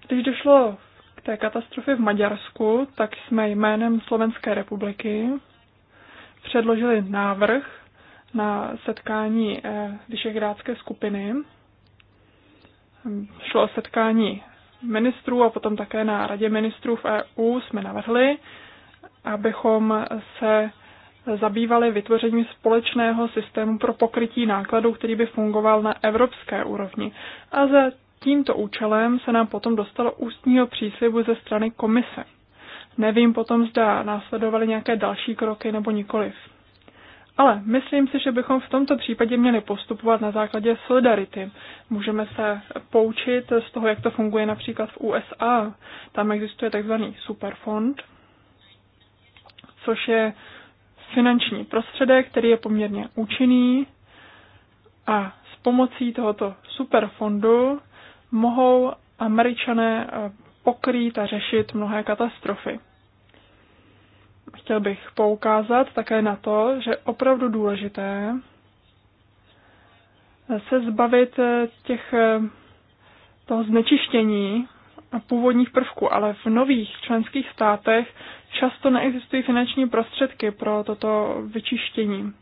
Když došlo k té katastrofě v Maďarsku, tak jsme jménem Slovenské republiky předložili návrh na setkání eh, Vyšehrádské skupiny. Šlo o setkání ministrů a potom také na radě ministrů v EU jsme navrhli, abychom se zabývali vytvořením společného systému pro pokrytí nákladů, který by fungoval na evropské úrovni. A za tímto účelem se nám potom dostalo ústního příslibu ze strany komise. Nevím potom, zda následovaly nějaké další kroky nebo nikoliv. Ale myslím si, že bychom v tomto případě měli postupovat na základě solidarity. Můžeme se poučit z toho, jak to funguje například v USA. Tam existuje takzvaný superfond, což je finanční prostředek, který je poměrně účinný a s pomocí tohoto superfondu mohou američané eh, pokrýt a řešit mnohé katastrofy. Chtěl bych poukázat také na to, že opravdu důležité se zbavit eh, těch, eh, toho znečištění původních prvků, ale v nových členských státech často neexistují finanční prostředky pro toto vyčištění.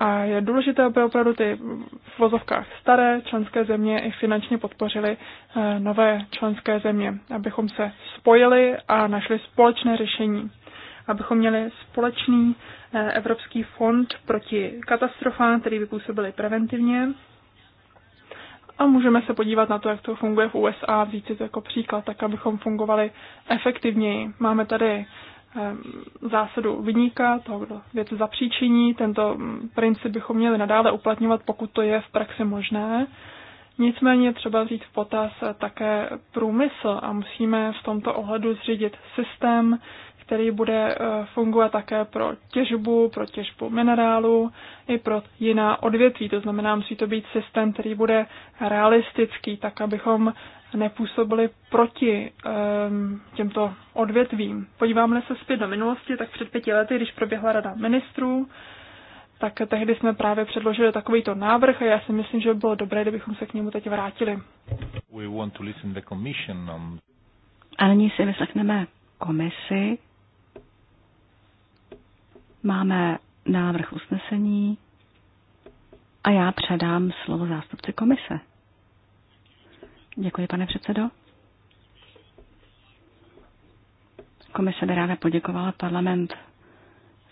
A je důležité, aby opravdu ty v vozovkách staré členské země i finančně podpořily eh, nové členské země, abychom se spojili a našli společné řešení, abychom měli společný eh, Evropský fond proti katastrofám, který by působili preventivně. A můžeme se podívat na to, jak to funguje v USA, vzít si to jako příklad, tak abychom fungovali efektivněji. Máme tady Eh, zásadu vyníka, toho, kdo věc zapříčiní. Tento mm, princip bychom měli nadále uplatňovat, pokud to je v praxi možné. Nicméně třeba vzít v potaz také průmysl a musíme v tomto ohledu zřídit systém, který bude eh, fungovat také pro těžbu, pro těžbu minerálu i pro jiná odvětví. To znamená, musí to být systém, který bude realistický, tak abychom nepůsobily proti um, těmto odvětvím. Podíváme se zpět do minulosti, tak před pěti lety, když proběhla rada ministrů, tak tehdy jsme právě předložili takovýto návrh a já si myslím, že by bylo dobré, kdybychom se k němu teď vrátili.
We want to listen the commission on...
A nyní si vyslechneme komisi.
Máme návrh usnesení a já předám slovo zástupci komise. Děkuji, pane předsedo. Komise by ráda poděkovala parlament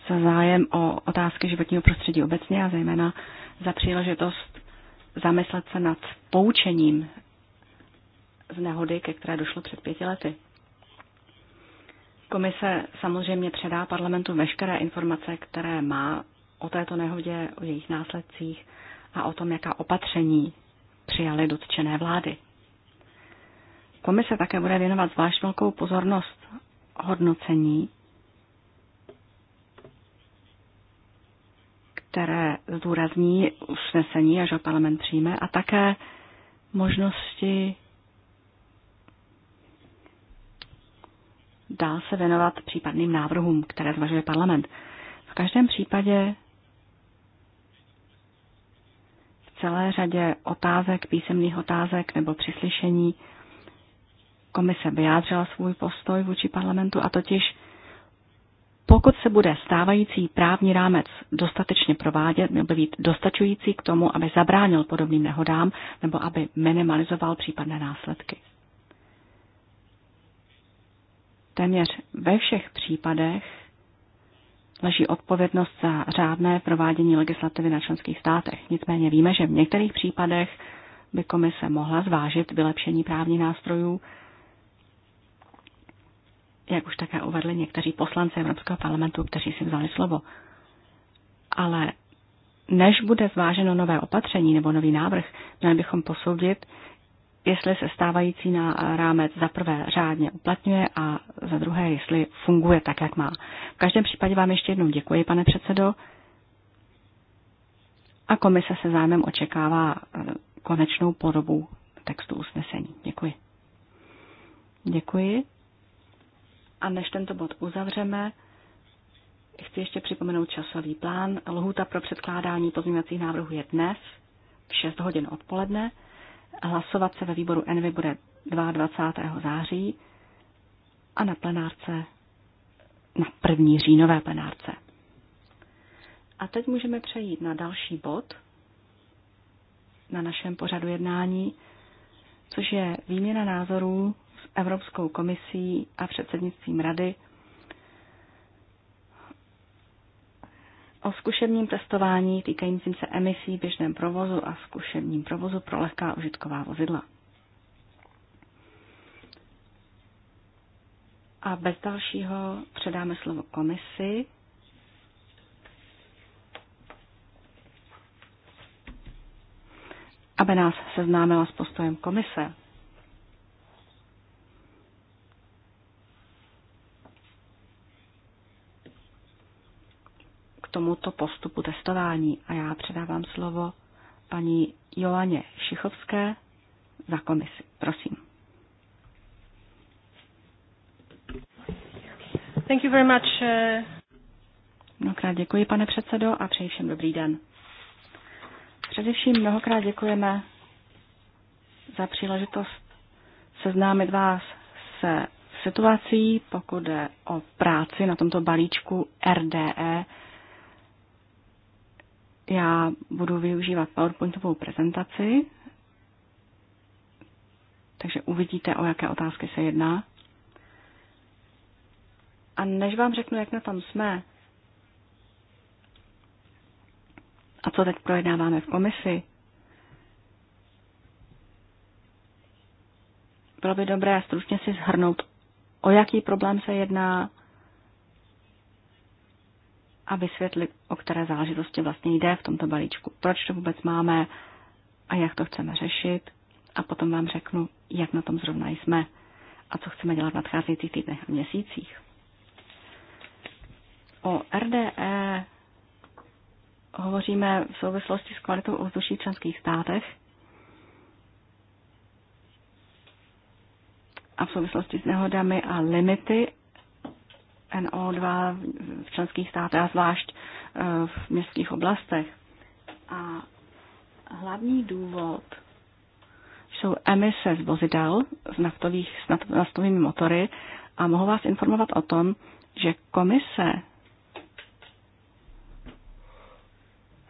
za zájem o otázky životního prostředí obecně a zejména za příležitost zamyslet se nad poučením z nehody, ke které došlo před pěti lety. Komise samozřejmě předá parlamentu veškeré informace, které má o této nehodě, o jejich následcích a o tom, jaká opatření přijaly dotčené vlády. Komise také bude věnovat zvlášť velkou pozornost hodnocení, které zdůrazní usnesení, až ho parlament přijme, a také možnosti dál se věnovat případným návrhům, které zvažuje parlament. V každém případě v celé řadě otázek, písemných otázek nebo přislyšení komise vyjádřila svůj postoj vůči parlamentu a totiž pokud se bude stávající právní rámec dostatečně provádět, měl by být dostačující k tomu, aby zabránil podobným nehodám nebo aby minimalizoval případné následky. Téměř ve všech případech leží odpovědnost za řádné provádění legislativy na členských státech. Nicméně víme, že v některých případech by komise mohla zvážit vylepšení právních nástrojů jak už také uvedli někteří poslanci Evropského parlamentu, kteří si vzali slovo. Ale než bude zváženo nové opatření nebo nový návrh, měli bychom posoudit, jestli se stávající na rámec za prvé řádně uplatňuje a za druhé, jestli funguje tak, jak má. V každém případě vám ještě jednou děkuji, pane předsedo. A komise se zájmem očekává eh, konečnou podobu textu usnesení. Děkuji. Děkuji. A než tento bod uzavřeme, chci ještě připomenout časový plán. Lhůta pro předkládání pozměňovacích návrhů je dnes v 6 hodin odpoledne. Hlasovat se ve výboru ENVY bude 22. září a na plenárce na první říjnové plenárce. A teď můžeme přejít na další bod na našem pořadu jednání, což je výměna názorů Evropskou komisí a předsednictvím rady o zkušebním testování týkajícím se emisí v běžném provozu a zkušebním provozu pro lehká užitková vozidla. A bez dalšího předáme slovo komisi. aby nás seznámila s postojem komise tomuto postupu testování. A já předávám slovo paní Joaně Šichovské za komisi. Prosím. Thank you very much. Uh, mnohokrát děkuji, pane předsedo, a přeji všem dobrý den. Především mnohokrát děkujeme za příležitost seznámit vás se situací, pokud jde o práci na tomto balíčku RDE já budu využívat PowerPointovou prezentaci, takže uvidíte, o jaké otázky se jedná. A než vám řeknu, jak na tom jsme a co teď projednáváme v komisi, bylo by dobré stručně si zhrnout, o jaký problém se jedná, a vysvětlit, o které záležitosti vlastně jde v tomto balíčku, proč to vůbec máme a jak to chceme řešit a potom vám řeknu, jak na tom zrovna jsme a co chceme dělat v nadcházejících týdnech a měsících. O RDE hovoříme v souvislosti s kvalitou ovzduší v členských státech a v souvislosti s nehodami a limity NO2 v členských státech a zvlášť eh, v městských oblastech. A hlavní důvod jsou emise z vozidel z, naftových, s naftovými motory a mohu vás informovat o tom, že komise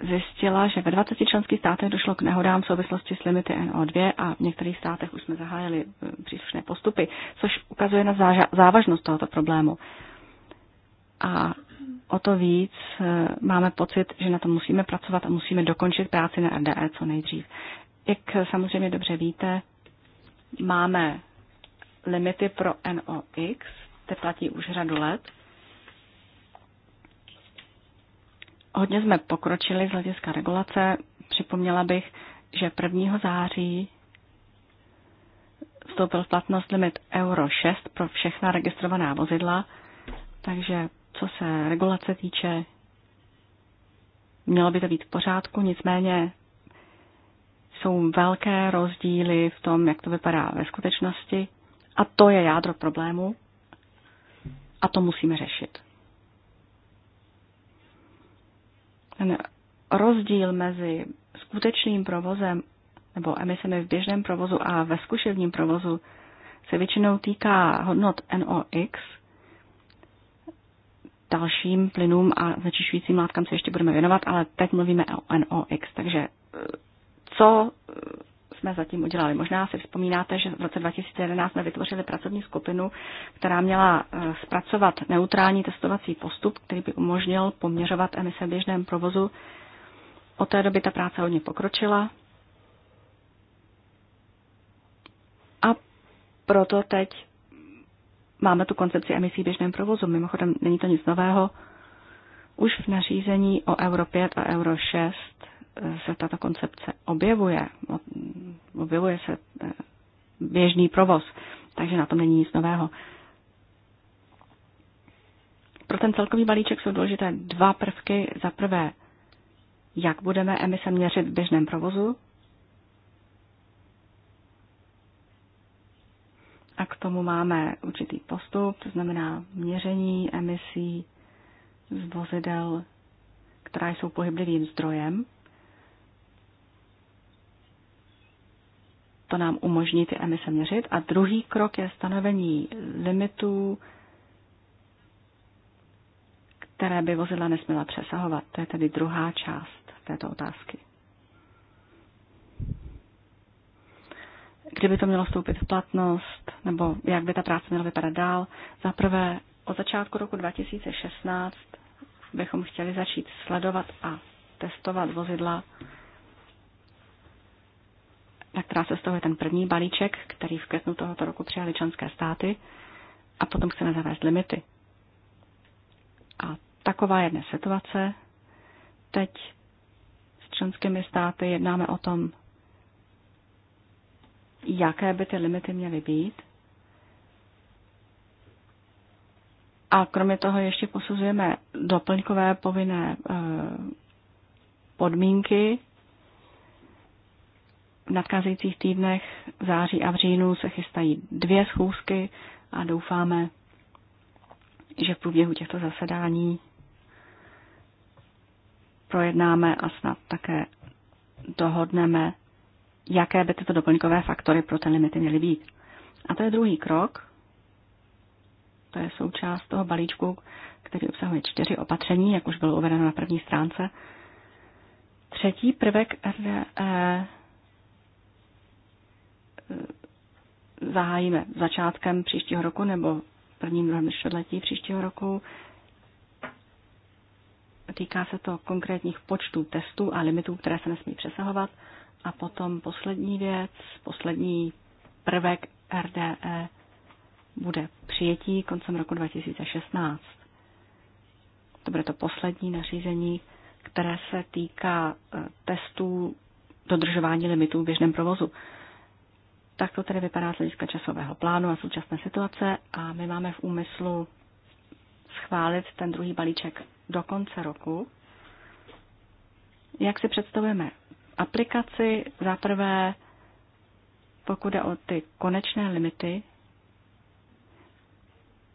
zjistila, že ve 20 členských státech došlo k nehodám v souvislosti s limity NO2 a v některých státech už jsme zahájili eh, příslušné postupy, což ukazuje na závažnost tohoto problému. A o to víc eh, máme pocit, že na to musíme pracovat a musíme dokončit práci na RDE co nejdřív. Jak samozřejmě dobře víte, máme limity pro NOx, To platí už řadu let. Hodně jsme pokročili z hlediska regulace. Připomněla bych, že 1. září vstoupil v platnost limit Euro 6 pro všechna registrovaná vozidla, takže co se regulace týče, mělo by to být v pořádku, nicméně jsou velké rozdíly v tom, jak to vypadá ve skutečnosti a to je jádro problému a to musíme řešit. Ten rozdíl mezi skutečným provozem nebo emisemi v běžném provozu a ve zkušebním provozu se většinou týká hodnot NOx, dalším plynům a znečišťujícím látkám se ještě budeme věnovat, ale teď mluvíme o NOx. Takže eh, co eh, jsme zatím udělali? Možná si vzpomínáte, že v roce 2011 jsme vytvořili pracovní skupinu, která měla eh, zpracovat neutrální testovací postup, který by umožnil poměřovat emise v běžném provozu. Od té doby ta práce hodně pokročila. A proto teď máme tu koncepci emisí běžném provozu. Mimochodem, není to nic nového. Už v nařízení o Euro 5 a Euro 6 eh, se tato koncepce objevuje. Objevuje se eh, běžný provoz, takže na tom není nic nového. Pro ten celkový balíček jsou důležité dva prvky. Za prvé, jak budeme emise měřit v běžném provozu A k tomu máme určitý postup, to znamená měření emisí z vozidel, která jsou pohyblivým zdrojem. To nám umožní ty emise měřit. A druhý krok je stanovení limitů, které by vozidla nesměla přesahovat. To je tedy druhá část této otázky. kdyby to mělo vstoupit v platnost, nebo jak by ta práce měla vypadat dál. Za prvé, od začátku roku 2016 bychom chtěli začít sledovat a testovat vozidla, na která se z je ten první balíček, který v květnu tohoto roku přijali členské státy, a potom chceme zavést limity. A taková je dnes situace. Teď s členskými státy jednáme o tom, jaké by ty limity měly být. A kromě toho ještě posuzujeme doplňkové povinné eh, podmínky. V nadcházejících týdnech v září a v říjnu se chystají dvě schůzky a doufáme, že v průběhu těchto zasedání projednáme a snad také dohodneme jaké by tyto doplňkové faktory pro ty limity měly být. A to je druhý krok. To je součást toho balíčku, který obsahuje čtyři opatření, jak už bylo uvedeno na první stránce. Třetí prvek RDE e, e, zahájíme začátkem příštího roku nebo prvním druhém čtvrtletí příštího roku. Týká se to konkrétních počtů testů a limitů, které se nesmí přesahovat. A potom poslední věc, poslední prvek RDE bude přijetí koncem roku 2016. To bude to poslední nařízení, které se týká eh, testů dodržování limitů v běžném provozu. Tak to tedy vypadá z hlediska časového plánu a současné situace a my máme v úmyslu schválit ten druhý balíček do konce roku. Jak si představujeme aplikaci zaprvé, pokud jde o ty konečné limity,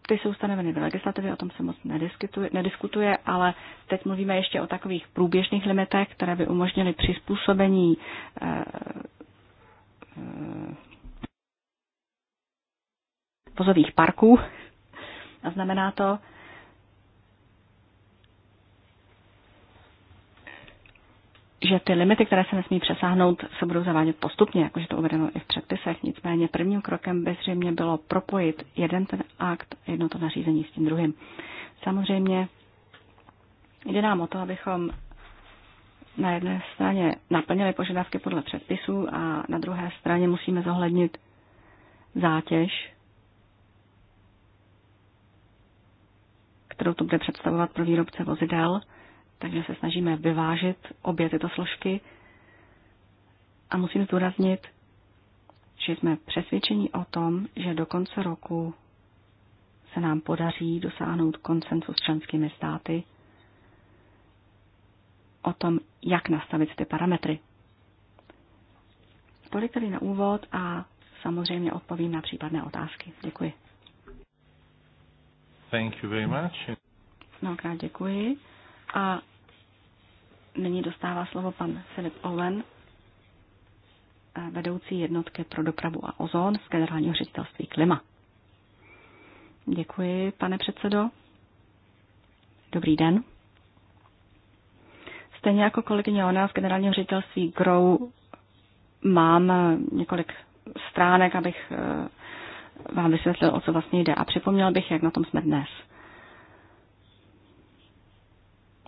ty jsou stanoveny v legislativě, o tom se moc nediskutuje, nediskutuje, ale teď mluvíme ještě o takových průběžných limitech, které by umožnily přizpůsobení eh, eh, vozových parků. A znamená to, že ty limity, které se nesmí přesáhnout, se budou zavádět postupně, jakože to uvedeno i v předpisech. Nicméně prvním krokem by zřejmě bylo propojit jeden ten akt, jedno to nařízení s tím druhým. Samozřejmě jde nám o to, abychom na jedné straně naplnili požadavky podle předpisů a na druhé straně musíme zohlednit zátěž, kterou to bude představovat pro výrobce vozidel – takže se snažíme vyvážit obě tyto složky a musím zdůraznit, že jsme přesvědčeni o tom, že do konce roku se nám podaří dosáhnout koncensu s členskými státy o tom, jak nastavit ty parametry. Tolik tedy na úvod a samozřejmě odpovím na případné otázky. Děkuji.
Thank you very much.
krát děkuji. A Nyní dostává slovo pan Filip Owen, eh, vedoucí jednotky pro dopravu a ozon z generálního ředitelství klima. Děkuji, pane předsedo. Dobrý den. Stejně jako kolegyně Ona z generálního ředitelství GROW mám eh, několik stránek, abych eh, vám vysvětlil, o co vlastně jde a připomněl bych, jak na tom jsme dnes.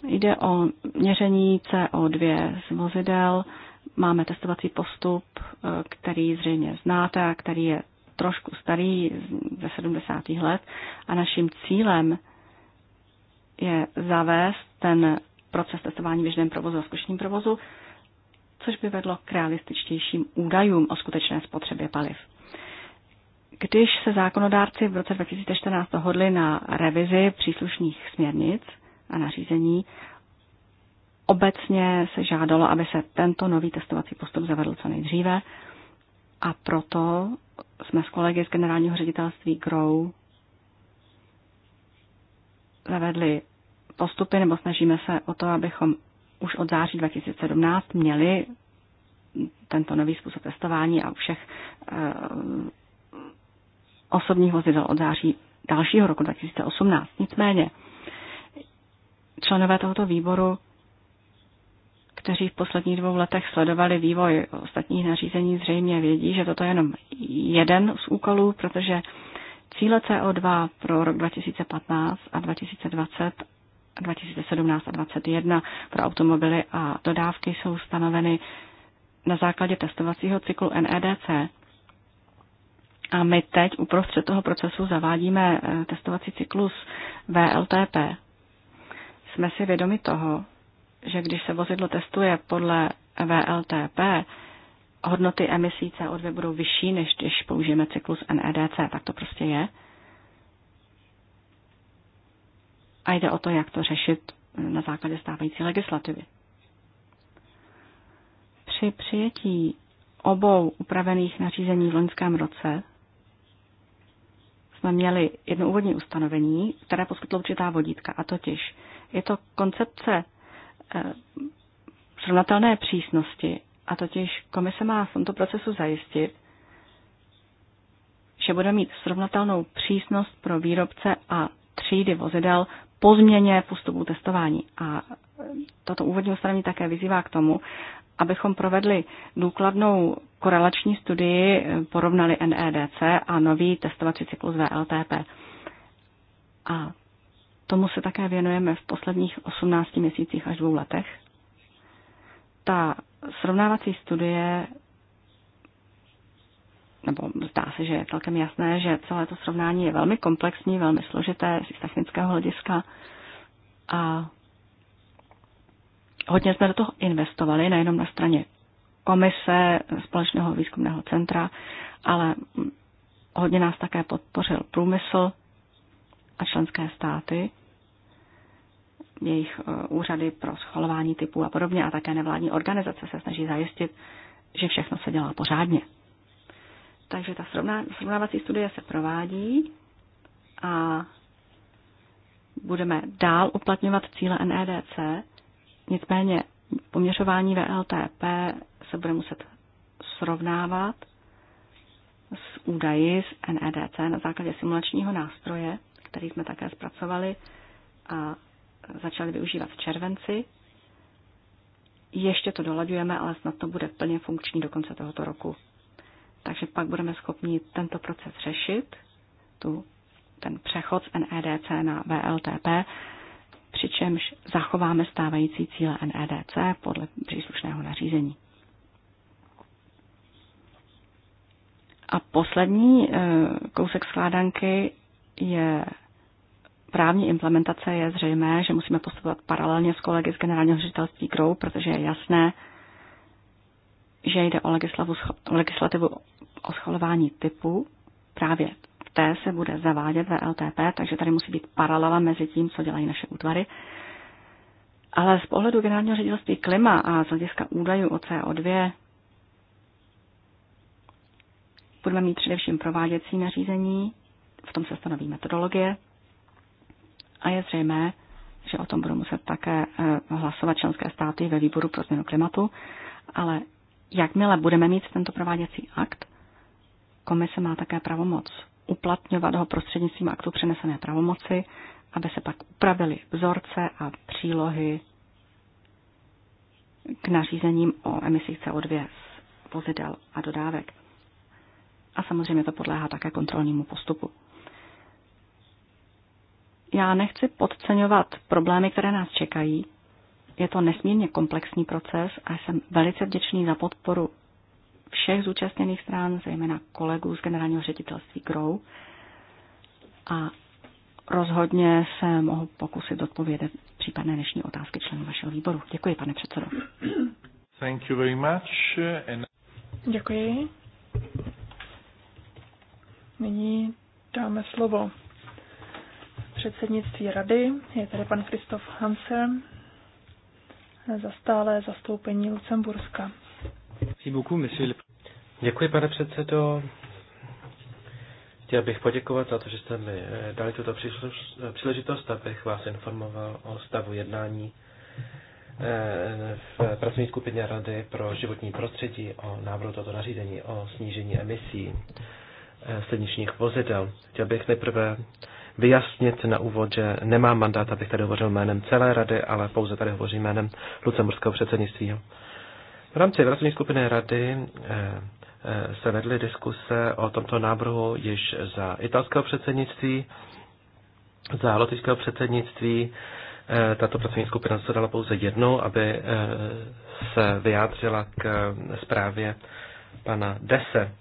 Jde o měření CO2 z vozidel. Máme testovací postup, eh, který zřejmě znáte a který je trošku starý, ze 70. let. A naším cílem je zavést ten proces testování v běžném provozu a zkušeném provozu, což by vedlo k realističtějším údajům o skutečné spotřebě paliv. Když se zákonodárci v roce 2014 dohodli na revizi příslušných směrnic, a nařízení, obecně se žádalo, aby se tento nový testovací postup zavedl co nejdříve a proto jsme s kolegy z generálního ředitelství GROW zavedli postupy, nebo snažíme se o to, abychom už od září 2017 měli tento nový způsob testování a u všech eh, osobních vozidel od září dalšího roku 2018. Nicméně členové tohoto výboru, kteří v posledních dvou letech sledovali vývoj ostatních nařízení, zřejmě vědí, že toto je jenom jeden z úkolů, protože cíle CO2 pro rok 2015 a 2020 2017 a 2021 pro automobily a dodávky jsou stanoveny na základě testovacího cyklu NEDC. A my teď uprostřed toho procesu zavádíme eh, testovací cyklus VLTP. Jsme si vědomi toho, že když se vozidlo testuje podle VLTP, hodnoty emisí CO2 budou vyšší, než když použijeme cyklus NEDC. Tak to prostě je. A jde o to, jak to řešit na základě stávající legislativy. Při přijetí obou upravených nařízení v loňském roce jsme měli jedno úvodní ustanovení, které poskytlo určitá vodítka, a totiž je to koncepce eh, srovnatelné přísnosti a totiž komise má v tomto procesu zajistit, že bude mít srovnatelnou přísnost pro výrobce a třídy vozidel po změně postupu testování. A eh, toto úvodní ustanovení také vyzývá k tomu, abychom provedli důkladnou korelační studii, eh, porovnali NEDC a nový testovací cyklus VLTP. A Tomu se také věnujeme v posledních 18 měsících až dvou letech. Ta srovnávací studie, nebo zdá se, že je celkem jasné, že celé to srovnání je velmi komplexní, velmi složité z technického hlediska a hodně jsme do toho investovali, nejenom na straně komise Společného výzkumného centra, ale hodně nás také podpořil průmysl, a členské státy, jejich eh, úřady pro schvalování typů a podobně a také nevládní organizace se snaží zajistit, že všechno se dělá pořádně. Takže ta srovnávací studie se provádí a budeme dál uplatňovat cíle NEDC, nicméně poměřování VLTP se bude muset srovnávat s údaji z NEDC na základě simulačního nástroje, který jsme také zpracovali a začali využívat v červenci. Ještě to dolaďujeme, ale snad to bude plně funkční do konce tohoto roku. Takže pak budeme schopni tento proces řešit, tu, ten přechod z NEDC na VLTP, přičemž zachováme stávající cíle NEDC podle příslušného nařízení. A poslední eh, kousek skládanky je právní implementace je zřejmé, že musíme postupovat paralelně s kolegy z generálního ředitelství GROW, protože je jasné, že jde o legislativu o schvalování typu. Právě v té se bude zavádět ve LTP, takže tady musí být paralela mezi tím, co dělají naše útvary. Ale z pohledu generálního ředitelství klima a z hlediska údajů o CO2 budeme mít především prováděcí nařízení, v tom se stanoví metodologie, a je zřejmé, že o tom budou muset také eh, hlasovat členské státy ve výboru pro změnu klimatu, ale jakmile budeme mít tento prováděcí akt, komise má také pravomoc uplatňovat ho prostřednictvím aktu přenesené pravomoci, aby se pak upravily vzorce a přílohy k nařízením o emisích CO2 z vozidel a dodávek. A samozřejmě to podléhá také kontrolnímu postupu. Já nechci podceňovat problémy, které nás čekají. Je to nesmírně komplexní proces a jsem velice vděčný za podporu všech zúčastněných stran, zejména kolegů z generálního ředitelství GROW. A rozhodně se mohu pokusit odpovědět případné dnešní otázky členů vašeho výboru. Děkuji, pane předsedo.
Thank you very much. And...
Děkuji. Nyní dáme slovo předsednictví rady je tady pan Kristof Hansen za stále zastoupení Lucemburska.
Děkuji, pane předsedo. Chtěl bych poděkovat za to, že jste mi eh, dali tuto eh, příležitost, abych vás informoval o stavu jednání eh, v pracovní skupině Rady pro životní prostředí o návrhu toto nařízení o snížení emisí silničních vozidel. Chtěl bych nejprve vyjasnit na úvod, že nemám mandát, abych tady hovořil jménem celé rady, ale pouze tady hovořím jménem lucemburského předsednictví. V rámci pracovní skupiny rady eh, eh, se vedly diskuse o tomto návrhu již za italského předsednictví, za lotyšského předsednictví. Eh, tato pracovní skupina dala pouze jednou, aby se vyjádřila k zprávě pana Dese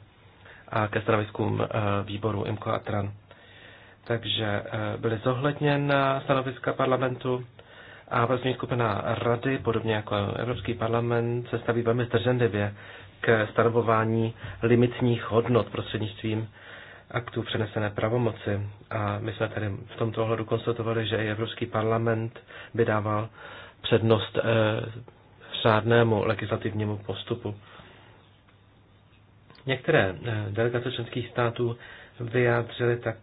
a ke stanoviskům výboru IMCO a TRAN. Takže eh, byly zohledněna stanoviska parlamentu a vlastně skupina rady, podobně jako Evropský parlament, se staví velmi zdrženlivě k stanovování limitních hodnot prostřednictvím aktů přenesené pravomoci. A my jsme tady v tomto ohledu konstatovali, že i Evropský parlament by dával přednost eh, řádnému legislativnímu postupu. Některé eh, delegace členských států vyjádřili tak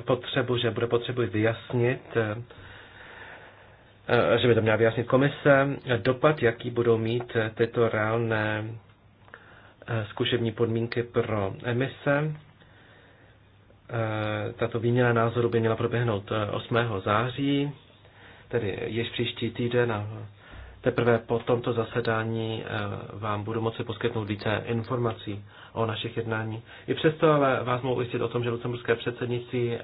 potřebu, že bude potřebu vyjasnit, eh, že by to měla vyjasnit komise, dopad, jaký budou mít tyto reálné eh, zkušební podmínky pro emise. Eh, tato výměna názoru by měla proběhnout 8. září, tedy již příští týden a Teprve po tomto zasedání eh, vám budu moci poskytnout více informací o našich jednání. I přesto ale vás mohu ujistit o tom, že lucemburské předsednictví eh,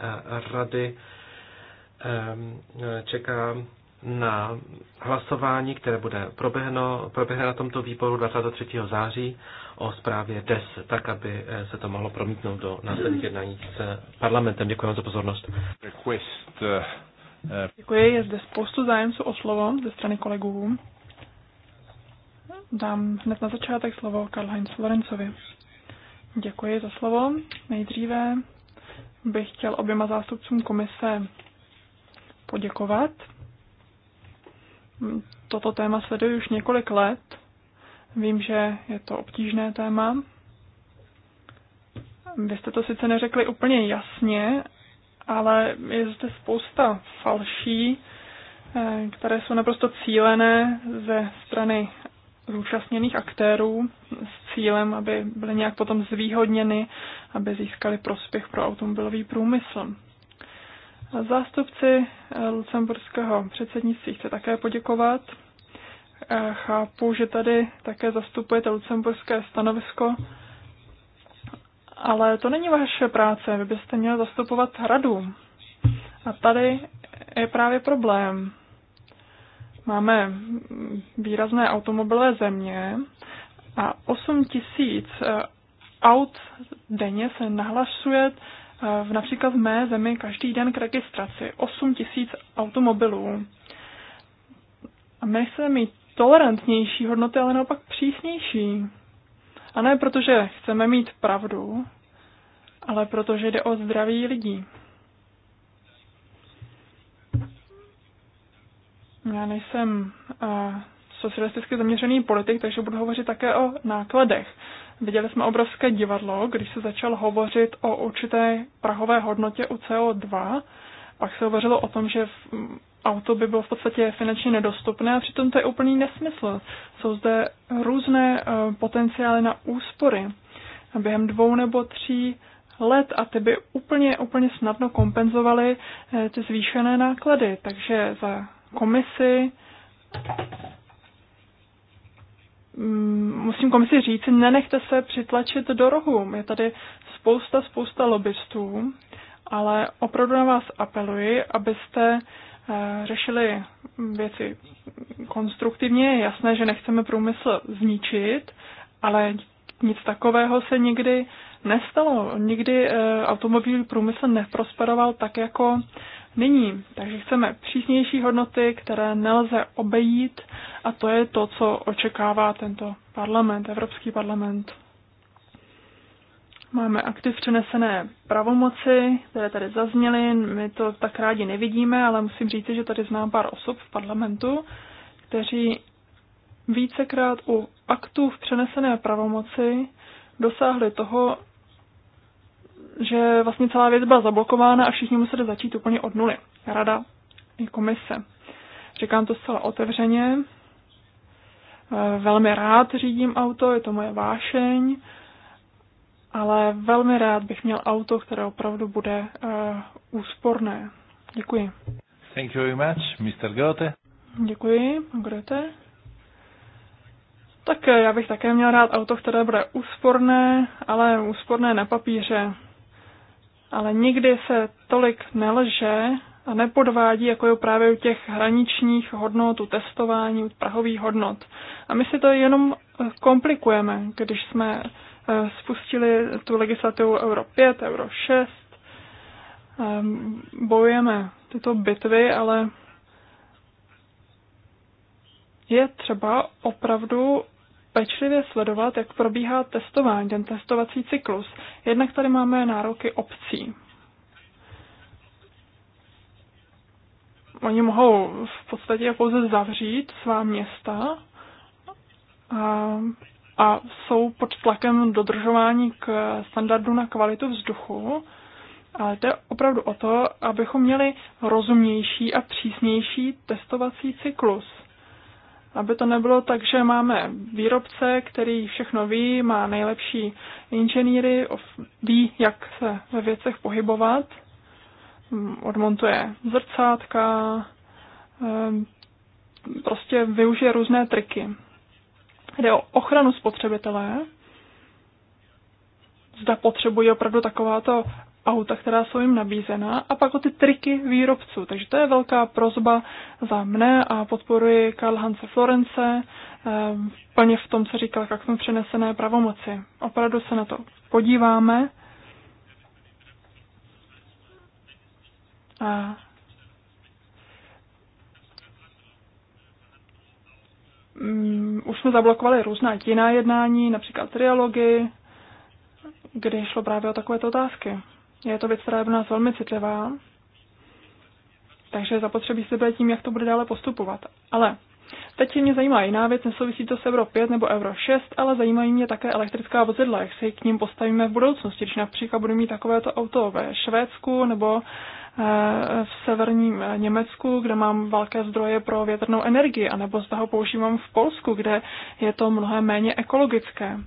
rady eh, čeká na hlasování, které bude proběhno, proběhne na tomto výboru 23. září o zprávě DES, tak aby se to mohlo promítnout do následných jednání s parlamentem. Děkuji vám za pozornost.
Děkuji, je zde spoustu zájemců o slovo ze strany kolegů dám hned na začátek slovo Karl-Heinz Florencovi. Děkuji za slovo. Nejdříve bych chtěl oběma zástupcům komise poděkovat. Toto téma sleduji už několik let. Vím, že je to obtížné téma. Vy jste to sice neřekli úplně jasně, ale je zde spousta falší, eh, které jsou naprosto cílené ze strany zúčastněných aktérů s cílem, aby byly nějak potom zvýhodněny, aby získali prospěch pro automobilový průmysl. Zástupci eh, lucemburského předsednictví chci také poděkovat. Eh, chápu, že tady také zastupujete lucemburské stanovisko, ale to není vaše práce, vy byste měl zastupovat radu. A tady je právě problém. Máme výrazné automobilové země a 8 tisíc eh, aut denně se nahlašuje eh, v například v mé zemi každý den k registraci. 8 tisíc automobilů. A my chceme mít tolerantnější hodnoty, ale naopak přísnější. A ne protože chceme mít pravdu, ale protože jde o zdraví lidí. Já nejsem uh, socialisticky zaměřený politik, takže budu hovořit také o nákladech. Viděli jsme obrovské divadlo, když se začal hovořit o určité prahové hodnotě u CO2, pak se hovořilo o tom, že auto by bylo v podstatě finančně nedostupné a přitom to je úplný nesmysl. Jsou zde různé eh, potenciály na úspory během dvou nebo tří let a ty by úplně, úplně snadno kompenzovaly eh, ty zvýšené náklady. Takže za komisi mm, musím komisi říct, nenechte se přitlačit do rohu. Je tady spousta, spousta lobbystů, ale opravdu na vás apeluji, abyste eh, řešili věci konstruktivně. Je jasné, že nechceme průmysl zničit, ale nic takového se nikdy nestalo. Nikdy eh, automobilový průmysl neprosperoval tak jako nyní. Takže chceme přísnější hodnoty, které nelze obejít a to je to, co očekává tento parlament, Evropský parlament. Máme aktiv přenesené pravomoci, které tady zazněly, my to tak rádi nevidíme, ale musím říct, že tady znám pár osob v parlamentu, kteří vícekrát u aktů v přenesené pravomoci dosáhli toho, že vlastně celá věc byla zablokována a všichni museli začít úplně od nuly. Rada i komise. Říkám to zcela otevřeně. E, velmi rád řídím auto, je to moje vášeň, ale velmi rád bych měl auto, které opravdu bude uh, úsporné. Děkuji.
Thank you very much, Mr. Goethe.
Děkuji, Goethe. Tak e, já bych také měl rád auto, které bude úsporné, ale úsporné na papíře ale nikdy se tolik nelže a nepodvádí, jako je právě u těch hraničních hodnot, u testování, u prahových hodnot. A my si to jenom eh, komplikujeme, když jsme eh, spustili tu legislativu Euro 5, Euro 6. Ehm, bojujeme tyto bitvy, ale je třeba opravdu pečlivě sledovat, jak probíhá testování, ten testovací cyklus. Jednak tady máme nároky obcí. Oni mohou v podstatě pouze zavřít svá města a, a jsou pod tlakem dodržování k standardu na kvalitu vzduchu. Ale jde opravdu o to, abychom měli rozumnější a přísnější testovací cyklus aby to nebylo tak, že máme výrobce, který všechno ví, má nejlepší inženýry, ví, jak se ve věcech pohybovat, mm, odmontuje zrcátka, ehm, prostě využije různé triky. Jde o ochranu spotřebitele, zda potřebují opravdu takováto auta, která jsou jim nabízená a pak o ty triky výrobců. Takže to je velká prozba za mne a podporuji Karl Hanse Florence eh, plně v tom, co říkal, jak jsme přenesené pravomoci. Opravdu se na to podíváme. A mm, už jsme zablokovali různá jiná jednání, například trialogy, kde šlo právě o takovéto otázky. Je to věc, která je pro nás velmi citlivá, takže zapotřebí se být tím, jak to bude dále postupovat. Ale teď mě zajímá jiná věc, nesouvisí to s Euro 5 nebo Euro 6, ale zajímají mě také elektrická vozidla, jak se k ním postavíme v budoucnosti, když například budeme mít takovéto auto ve Švédsku nebo eh, v severním eh, Německu, kde mám velké zdroje pro větrnou energii, anebo z toho používám v Polsku, kde je to mnohem méně ekologické.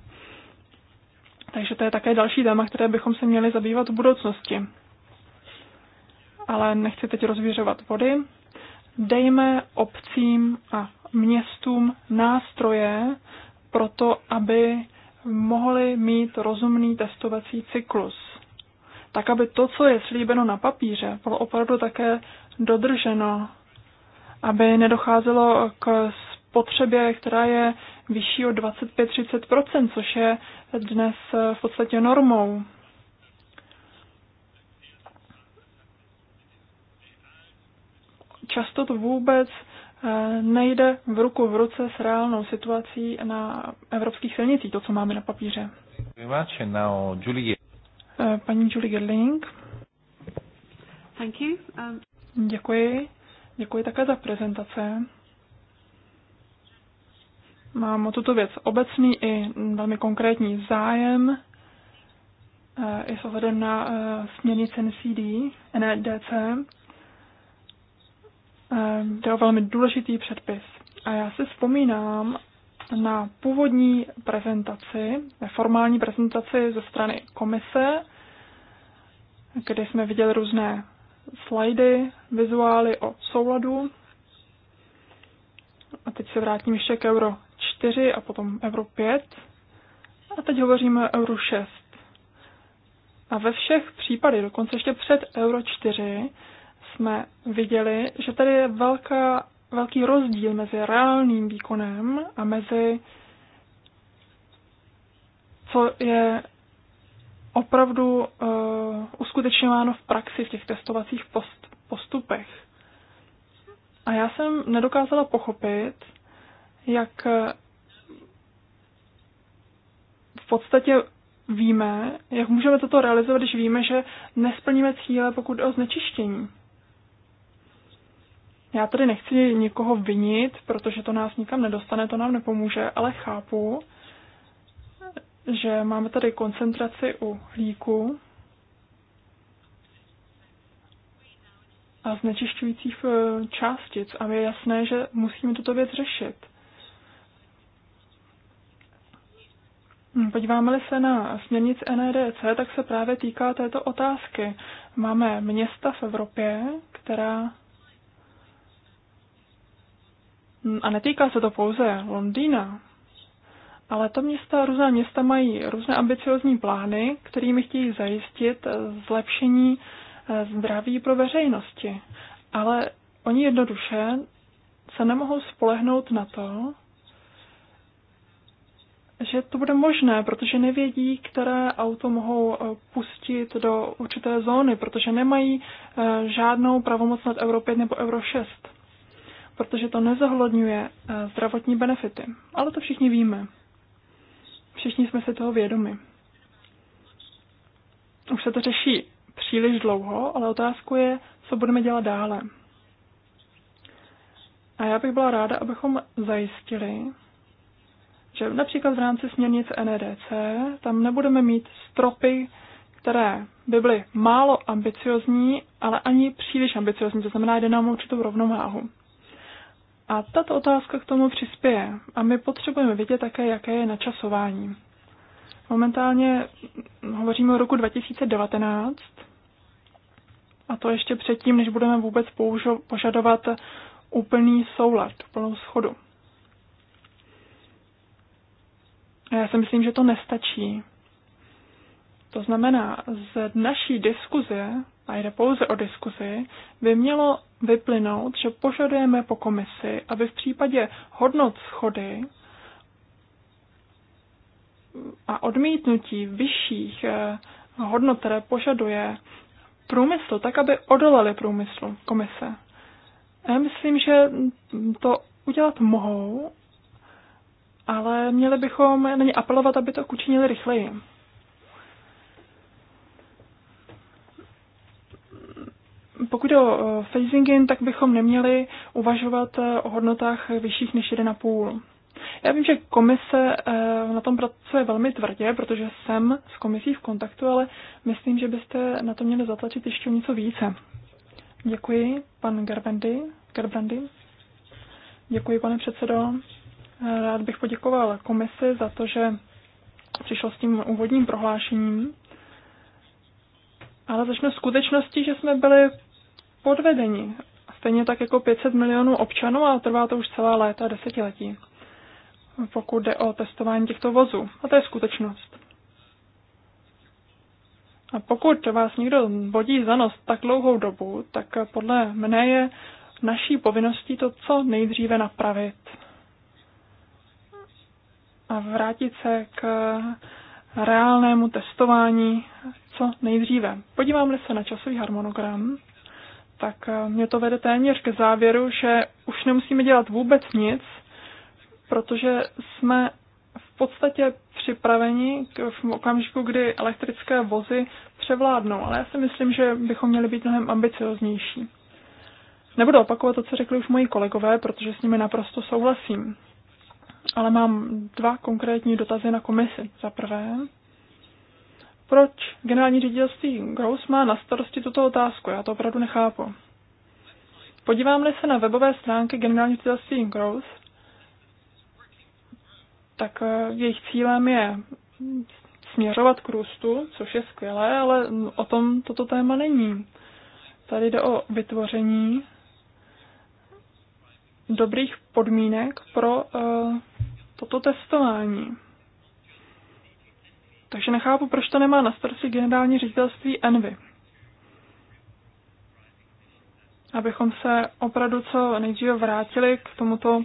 Takže to je také další téma, které bychom se měli zabývat v budoucnosti. Ale nechci teď rozvířovat vody. Dejme obcím a městům nástroje pro to, aby mohli mít rozumný testovací cyklus. Tak, aby to, co je slíbeno na papíře, bylo opravdu také dodrženo, aby nedocházelo k spotřebě, která je vyšší o 25-30%, což je dnes eh, v podstatě normou. Často to vůbec eh, nejde v ruku v ruce s reálnou situací na evropských silnicích, to, co máme na papíře.
Eh,
paní Julie Gerling. Thank you. Um, Děkuji. Děkuji také za prezentace mám o tuto věc obecný i velmi konkrétní zájem eh, i s ohledem na eh, směrnici NCD, NEDC. Eh, jde o velmi důležitý předpis. A já si vzpomínám na původní prezentaci, formální prezentaci ze strany komise, kde jsme viděli různé slajdy, vizuály o souladu. A teď se vrátím ještě k euro 4 a potom Euro 5. A teď hovoříme o Euro 6. A ve všech případech, dokonce ještě před Euro 4, jsme viděli, že tady je velká, velký rozdíl mezi reálným výkonem a mezi co je opravdu uh, uskutečňováno v praxi v těch testovacích post- postupech. A já jsem nedokázala pochopit, jak podstatě víme, jak můžeme toto realizovat, když víme, že nesplníme cíle, pokud o znečištění. Já tady nechci nikoho vinit, protože to nás nikam nedostane, to nám nepomůže, ale chápu, že máme tady koncentraci uhlíku a znečišťujících eh, částic a je jasné, že musíme tuto věc řešit. Hm, podíváme-li se na směrnici NRDC, e tak se právě týká této otázky. Máme města v Evropě, která. Hm, a netýká se to pouze Londýna, ale to města, různá města mají různé ambiciozní plány, kterými chtějí zajistit zlepšení eh, zdraví pro veřejnosti. Ale oni jednoduše se nemohou spolehnout na to, že to bude možné, protože nevědí, které auto mohou eh, pustit do určité zóny, protože nemají eh, žádnou pravomoc nad Euro 5 nebo Euro 6, protože to nezahlodňuje eh, zdravotní benefity. Ale to všichni víme. Všichni jsme si toho vědomi. Už se to řeší příliš dlouho, ale otázku je, co budeme dělat dále. A já bych byla ráda, abychom zajistili, že například v rámci směrnice NEDC tam nebudeme mít stropy, které by byly málo ambiciozní, ale ani příliš ambiciozní, to znamená, jde nám určitou rovnováhu. A tato otázka k tomu přispěje. A my potřebujeme vědět také, jaké je načasování. Momentálně hovoříme o roku 2019, a to ještě předtím, než budeme vůbec použo- požadovat úplný soulad, úplnou schodu. A já si myslím, že to nestačí. To znamená, z naší diskuze, a jde pouze o diskuzi, by mělo vyplynout, že požadujeme po komisi, aby v případě hodnot schody a odmítnutí vyšších eh, hodnot, které požaduje průmysl, tak aby odolali průmyslu komise. já myslím, že to udělat mohou ale měli bychom na ně apelovat, aby to učinili rychleji. Pokud o e, phasing in, tak bychom neměli uvažovat e, o hodnotách vyšších než 1,5. Já vím, že komise e, na tom pracuje velmi tvrdě, protože jsem s komisí v kontaktu, ale myslím, že byste na to měli zatlačit ještě něco více. Děkuji, pan Gerbrandy. Gerbrandy. Děkuji, pane předsedo. Rád bych poděkoval komisi za to, že přišlo s tím úvodním prohlášením, ale začnu skutečností, že jsme byli podvedeni. Stejně tak jako 500 milionů občanů a trvá to už celá léta, desetiletí, pokud jde o testování těchto vozů. A to je skutečnost. A pokud vás někdo bodí za nos tak dlouhou dobu, tak podle mne je naší povinností to co nejdříve napravit a vrátit se k reálnému testování co nejdříve. podívám se na časový harmonogram, tak eh, mě to vede téměř ke závěru, že už nemusíme dělat vůbec nic, protože jsme v podstatě připraveni v okamžiku, kdy elektrické vozy převládnou. Ale já si myslím, že bychom měli být mnohem ambicioznější. Nebudu opakovat to, co řekli už moji kolegové, protože s nimi naprosto souhlasím ale mám dva konkrétní dotazy na komisi. Za prvé, proč generální ředitelství Gross má na starosti tuto otázku? Já to opravdu nechápu. Podívám-li se na webové stránky generální ředitelství Gross, tak eh, jejich cílem je směřovat k růstu, což je skvělé, ale o tom toto téma není. Tady jde o vytvoření dobrých podmínek pro uh, toto testování. Takže nechápu, proč to nemá na starosti generální ředitelství Envy. Abychom se opravdu co nejdříve vrátili k tomuto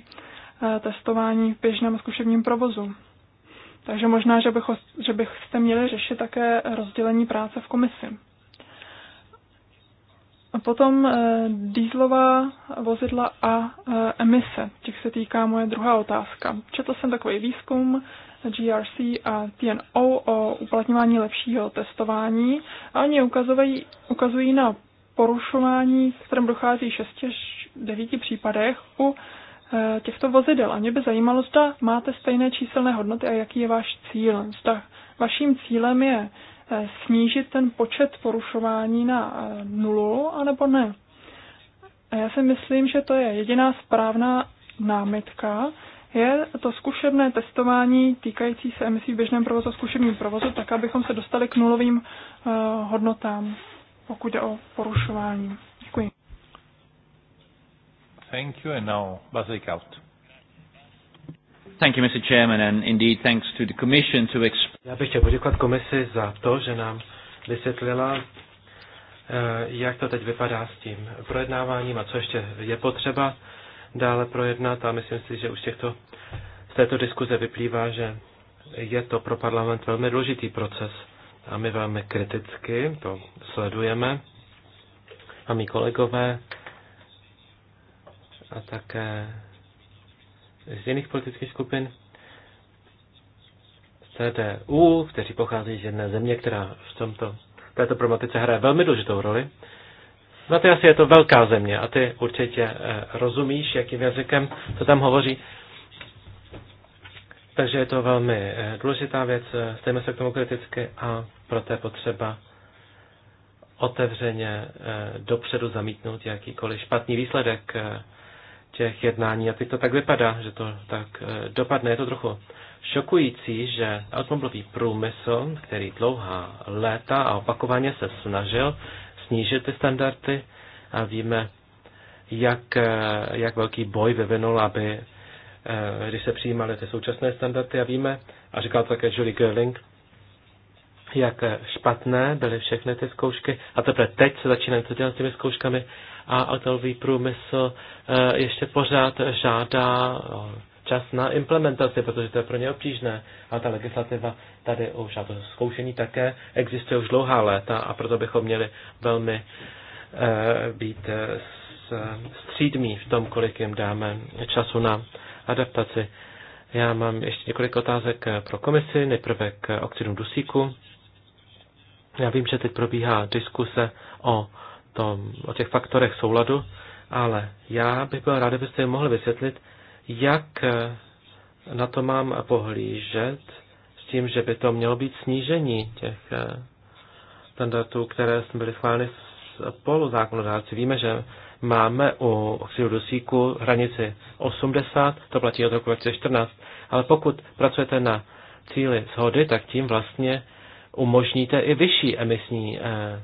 eh, testování v běžném zkušebním provozu. Takže možná, že, bych, že byste měli řešit také rozdělení práce v komisi. Potom eh, dýzlová vozidla a eh, emise. Těch se týká moje druhá otázka. Četl jsem takový výzkum GRC a TNO o uplatňování lepšího testování a oni ukazují, ukazují na porušování, v kterém dochází 6 až 9 případech u eh, těchto vozidel. A mě by zajímalo, zda máte stejné číselné hodnoty a jaký je váš cíl. Zda vaším cílem je Eh, snížit ten počet porušování na eh, nulu, anebo ne. A já si myslím, že to je jediná správná námitka, je to zkušebné testování týkající se emisí v běžném provozu a zkušebním provozu, tak abychom se dostali k nulovým uh, hodnotám, pokud je o porušování. Děkuji.
Thank you and now, Thank you, Mr. Chairman, and indeed thanks to the Commission to Já bych chtěl poděkovat komisi za to, že nám vysvětlila, eh, jak to teď vypadá s tím projednáváním a co ještě je potřeba dále projednat a myslím si, že už těchto, z této diskuze vyplývá, že je to pro parlament velmi důležitý proces a my velmi kriticky to sledujeme a mý kolegové a také z jiných politických skupin CDU, kteří pochází z jedné země, která v tomto, této problematice hraje velmi důležitou roli. Na no, ty asi je to velká země a ty určitě eh, rozumíš, jakým jazykem se tam hovoří. Takže je to velmi eh, důležitá věc, eh, stejme se k tomu kriticky a proto je potřeba otevřeně dopředu zamítnout jakýkoliv špatný výsledek těch jednání. A teď to tak vypadá, že to tak eh, dopadne. Je to trochu šokující, že automobilový průmysl, který dlouhá léta a opakovaně se snažil snížit ty standardy a víme, jak, eh, jak velký boj vyvinul, aby eh, když se přijímaly ty současné standardy a víme, a říkal to také Julie Gerling, jak špatné byly všechny ty zkoušky a teprve teď se začínají co dělat s těmi zkouškami a automobilový průmysl eh, ještě pořád žádá eh, čas na implementaci, protože to je pro ně obtížné. A ta legislativa tady už, a to zkoušení také, existuje už dlouhá léta a proto bychom měli velmi eh, být střídmí v tom, kolik jim dáme času na adaptaci. Já mám ještě několik otázek pro komisi, nejprve k oxidu dusíku. Já vím, že teď probíhá diskuse o, tom, o těch faktorech souladu, ale já bych byl rád, kdybyste jim mohli vysvětlit, jak eh, na to mám pohlížet s tím, že by to mělo být snížení těch eh, standardů, které jsme byly schváleny spolu zákonodáci. Víme, že máme u oxidu dusíku hranici 80, to platí od roku 2014, ale pokud pracujete na cíli shody, tak tím vlastně umožníte i vyšší emisní eh,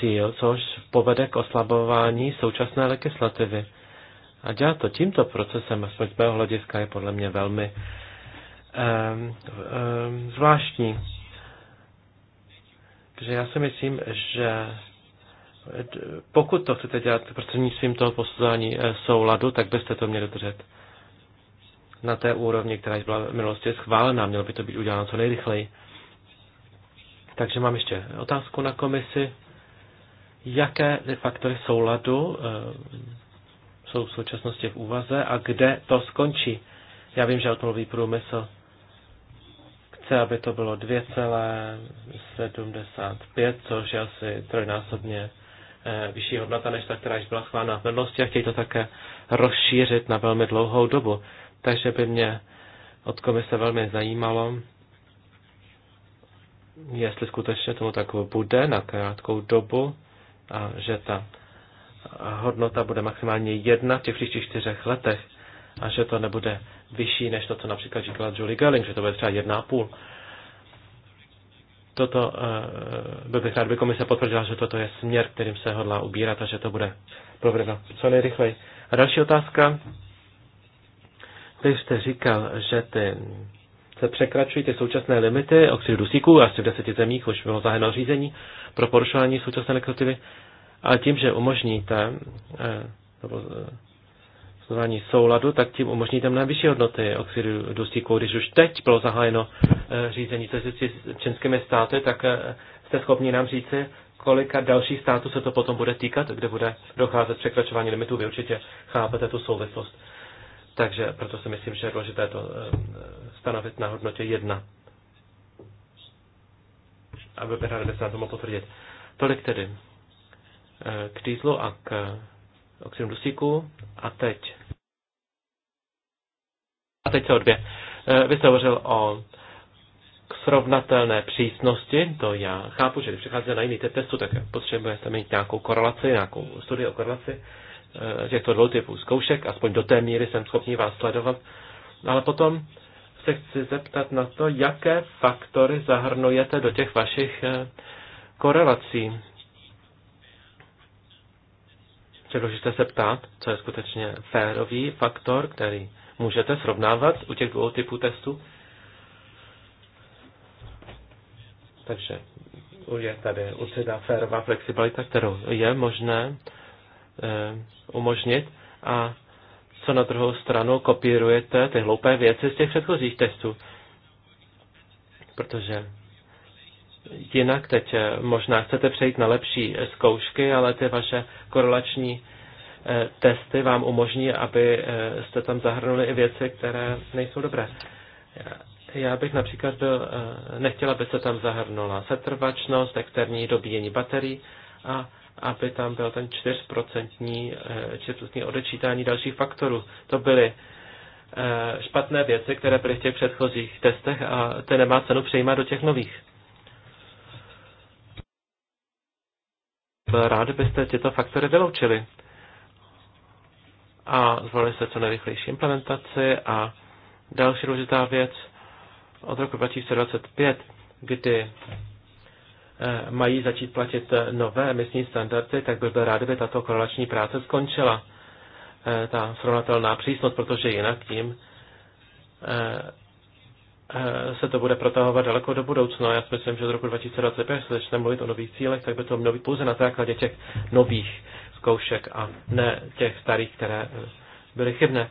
cíl, což povede k oslabování současné legislativy. A dělat to tímto procesem, aspoň z mého hlediska, je podle mě velmi um, um, zvláštní. Takže já si myslím, že pokud to chcete dělat prostřednictvím toho posuzování eh, souladu, tak byste to měli držet na té úrovni, která byla v minulosti schválena. Mělo by to být uděláno co nejrychleji. Takže mám ještě otázku na komisi. Jaké faktory souladu eh, jsou v současnosti v úvaze a kde to skončí? Já vím, že automobilový průmysl chce, aby to bylo 2,75, což je asi trojnásobně eh, vyšší hodnota než ta, která již byla schválena v minulosti a chtějí to také rozšířit na velmi dlouhou dobu. Takže by mě od komise velmi zajímalo, jestli skutečně tomu tak bude na krátkou dobu a že ta hodnota bude maximálně jedna v těch příštích čtyřech letech a že to nebude vyšší než to, co například říkala Julie Gelling, že to bude třeba jedna a půl. Toto, eh, byl bych rád, by komise potvrdila, že toto je směr, kterým se hodlá ubírat a že to bude provedeno co nejrychleji. A další otázka. Vy jste říkal, že ty se překračují ty současné limity oxidu dusíku, asi v deseti zemích už bylo zahájeno řízení pro porušování současné legislativy, ale tím, že umožníte eh, nebo zvolání eh, souladu, tak tím umožníte mnohem vyšší hodnoty oxidu dusíku. Když už teď bylo zahájeno eh, řízení se čínskými státy, tak jste schopni nám říci, kolika dalších států se to potom bude týkat, kde bude docházet překračování limitů. Vy určitě chápete tu souvislost. Takže proto si myslím, že je důležité to eh, stanovit na hodnotě 1. Aby Bernard se na to mohl potvrdit. Tolik tedy eh, k dýzlu a k eh, oxidu dusíku. A teď. A teď CO2. Vy jste hovořil o srovnatelné přísnosti, to já chápu, že když přecházíte na jiný typ testu, tak potřebujete mít nějakou korelaci, nějakou studii o korelaci. Eh, těchto dvou typů zkoušek, aspoň do té míry jsem schopný vás sledovat. Ale potom se chci zeptat na to, jaké faktory zahrnujete do těch vašich eh, korelací. Předložíte se ptát, co je skutečně férový faktor, který můžete srovnávat u těch dvou typů testů. Takže je tady určitá férová flexibilita, kterou je možné Eh, umožnit a co na druhou stranu kopírujete ty hloupé věci z těch předchozích testů. Protože jinak teď eh, možná chcete přejít na lepší eh, zkoušky, ale ty vaše korelační testy vám umožní, aby jste tam zahrnuli i věci, které nejsou dobré. Já bych například byl, nechtěla, aby se tam zahrnula setrvačnost, externí dobíjení baterií a aby tam byl ten 4%, 4% eh, odečítání dalších faktorů. To byly eh, špatné věci, které byly v těch předchozích testech a to nemá cenu přejímat do těch nových. Byl rád, byste tyto faktory vyloučili a zvolili se co nejrychlejší implementaci a další důležitá věc od roku 2025, kdy Eh, mají začít platit eh, nové emisní standardy, tak bych byl rád, aby tato korelační práce skončila, eh, ta srovnatelná přísnost, protože jinak tím se to bude protahovat daleko do budoucna. Já si myslím, že z roku 2025, až se začne mluvit o nových cílech, tak by to mluvit pouze na základě těch nových zkoušek a ne těch starých, které byly chybné.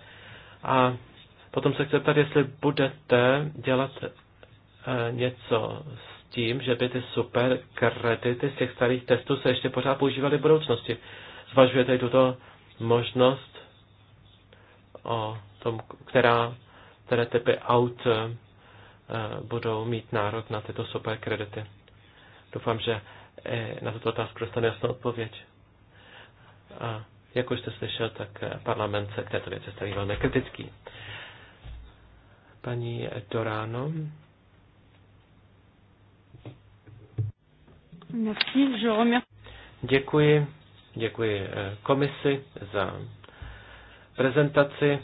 A potom se chci zeptat, jestli budete dělat něco s tím, že by ty super kredity z těch starých testů se ještě pořád používaly v budoucnosti. Zvažujete tuto možnost, o tom, která, které typy aut e, budou mít nárok na tyto super kredity. Doufám, že e, na tuto otázku dostane jasnou odpověď. A jak už jste slyšel, tak eh, parlament se k této věci staví velmi kritický. Paní Dorano. Děkuji, děkuji eh, komisi za prezentaci.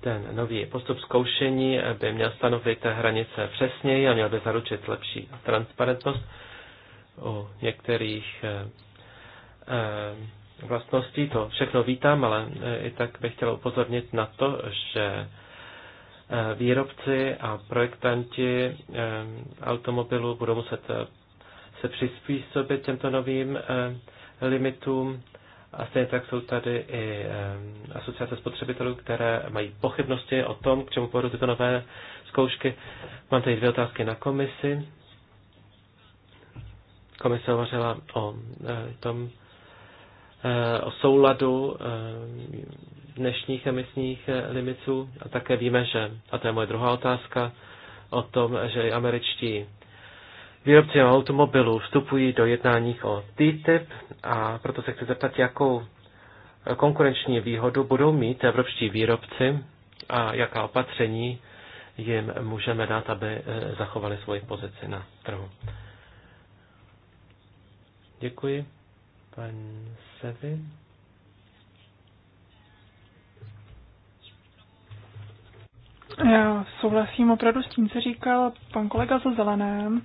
Ten nový postup zkoušení eh, by měl stanovit hranice přesněji a měl by zaručit lepší transparentnost u některých eh, vlastností. To všechno vítám, ale i tak bych chtěl upozornit na to, že výrobci a projektanti automobilů budou muset se přizpůsobit těmto novým eh, limitům. A stejně tak jsou tady i eh, asociace spotřebitelů, které mají pochybnosti o tom, k čemu povedou tyto nové zkoušky. Mám tady dvě otázky na komisi. Komise hovořila o eh, tom, o souladu dnešních emisních limitů a také víme, že, a to je moje druhá otázka, o tom, že američtí výrobci automobilů vstupují do jednáních o TTIP a proto se chci zeptat, jakou konkurenční výhodu budou mít evropští výrobci a jaká opatření jim můžeme dát, aby eh, zachovali svoji pozici na trhu. Děkuji. Pan Sevi.
Já souhlasím opravdu s tím, co říkal pan kolega za zeleném.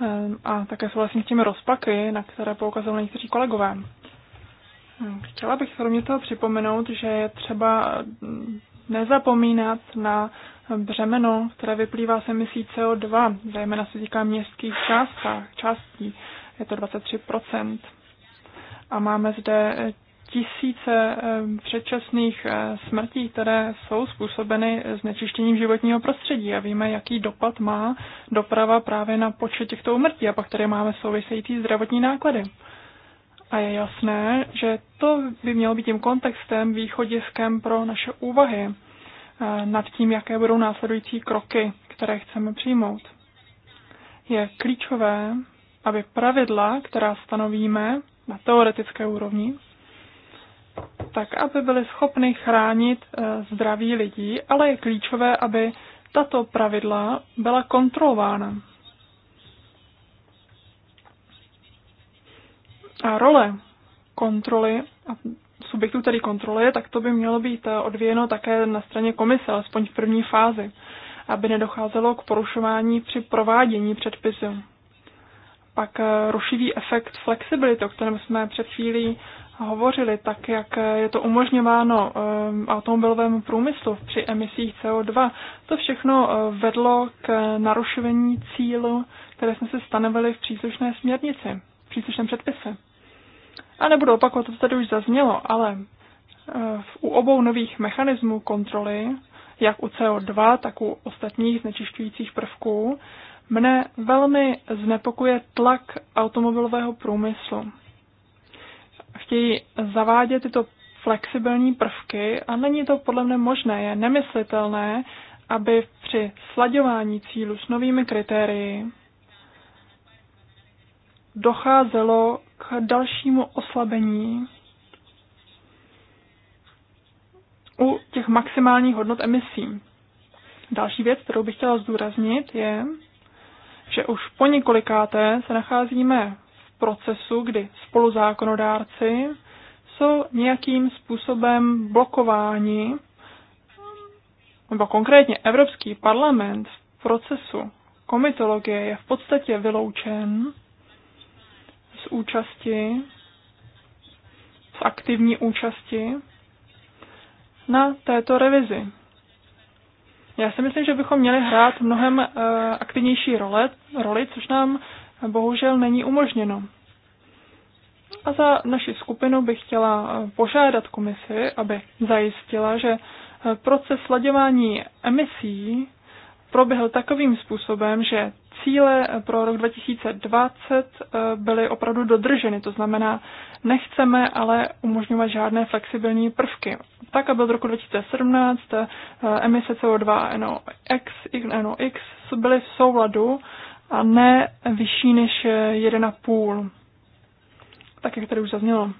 Ehm, a také souhlasím s těmi rozpaky, na které poukazují někteří kolegové. Ehm, chtěla bych kromě toho připomenout, že je třeba mm, nezapomínat na břemeno, které vyplývá z emisí CO2, zejména se týká městských částách, částí, je to 23%. A máme zde tisíce předčasných eh, smrtí, které jsou způsobeny znečištěním životního prostředí a víme, jaký dopad má doprava právě na počet těchto umrtí a pak tady máme související zdravotní náklady. A je jasné, že to by mělo být tím kontextem, východiskem pro naše úvahy eh, nad tím, jaké budou následující kroky, které chceme přijmout. Je klíčové, aby pravidla, která stanovíme na teoretické úrovni, tak aby byly schopny chránit eh, zdraví lidí, ale je klíčové, aby tato pravidla byla kontrolována. A role kontroly a subjektů, který kontroluje, tak to by mělo být eh, odvíjeno také na straně komise, alespoň v první fázi, aby nedocházelo k porušování při provádění předpisu. Pak eh, rušivý efekt flexibility, o kterém jsme před chvílí hovořili, tak jak je to umožňováno eh, automobilovému průmyslu při emisích CO2, to všechno eh, vedlo k narušení cílu, které jsme si stanovili v příslušné směrnici, v příslušném předpise. A nebudu opakovat, to tady už zaznělo, ale eh, u obou nových mechanismů kontroly, jak u CO2, tak u ostatních znečišťujících prvků, mne velmi znepokuje tlak automobilového průmyslu chtějí zavádět tyto flexibilní prvky a není to podle mě možné, je nemyslitelné, aby při slaďování cílu s novými kritérii docházelo k dalšímu oslabení u těch maximálních hodnot emisí. Další věc, kterou bych chtěla zdůraznit, je, že už po několikáté se nacházíme procesu, kdy spoluzákonodárci jsou nějakým způsobem blokováni, nebo konkrétně Evropský parlament v procesu komitologie je v podstatě vyloučen z účasti, z aktivní účasti na této revizi. Já si myslím, že bychom měli hrát mnohem uh, aktivnější role, roli, což nám bohužel není umožněno. A za naši skupinu bych chtěla eh, požádat komisi, aby zajistila, že eh, proces sladěvání emisí proběhl takovým způsobem, že cíle eh, pro rok 2020 byly opravdu dodrženy. To znamená, nechceme ale umožňovat žádné flexibilní prvky. Tak, aby od roku 2017 emise CO2 a NOx, NOx byly v souladu a ne vyšší než 1,5, tak jak tady už zaznělo.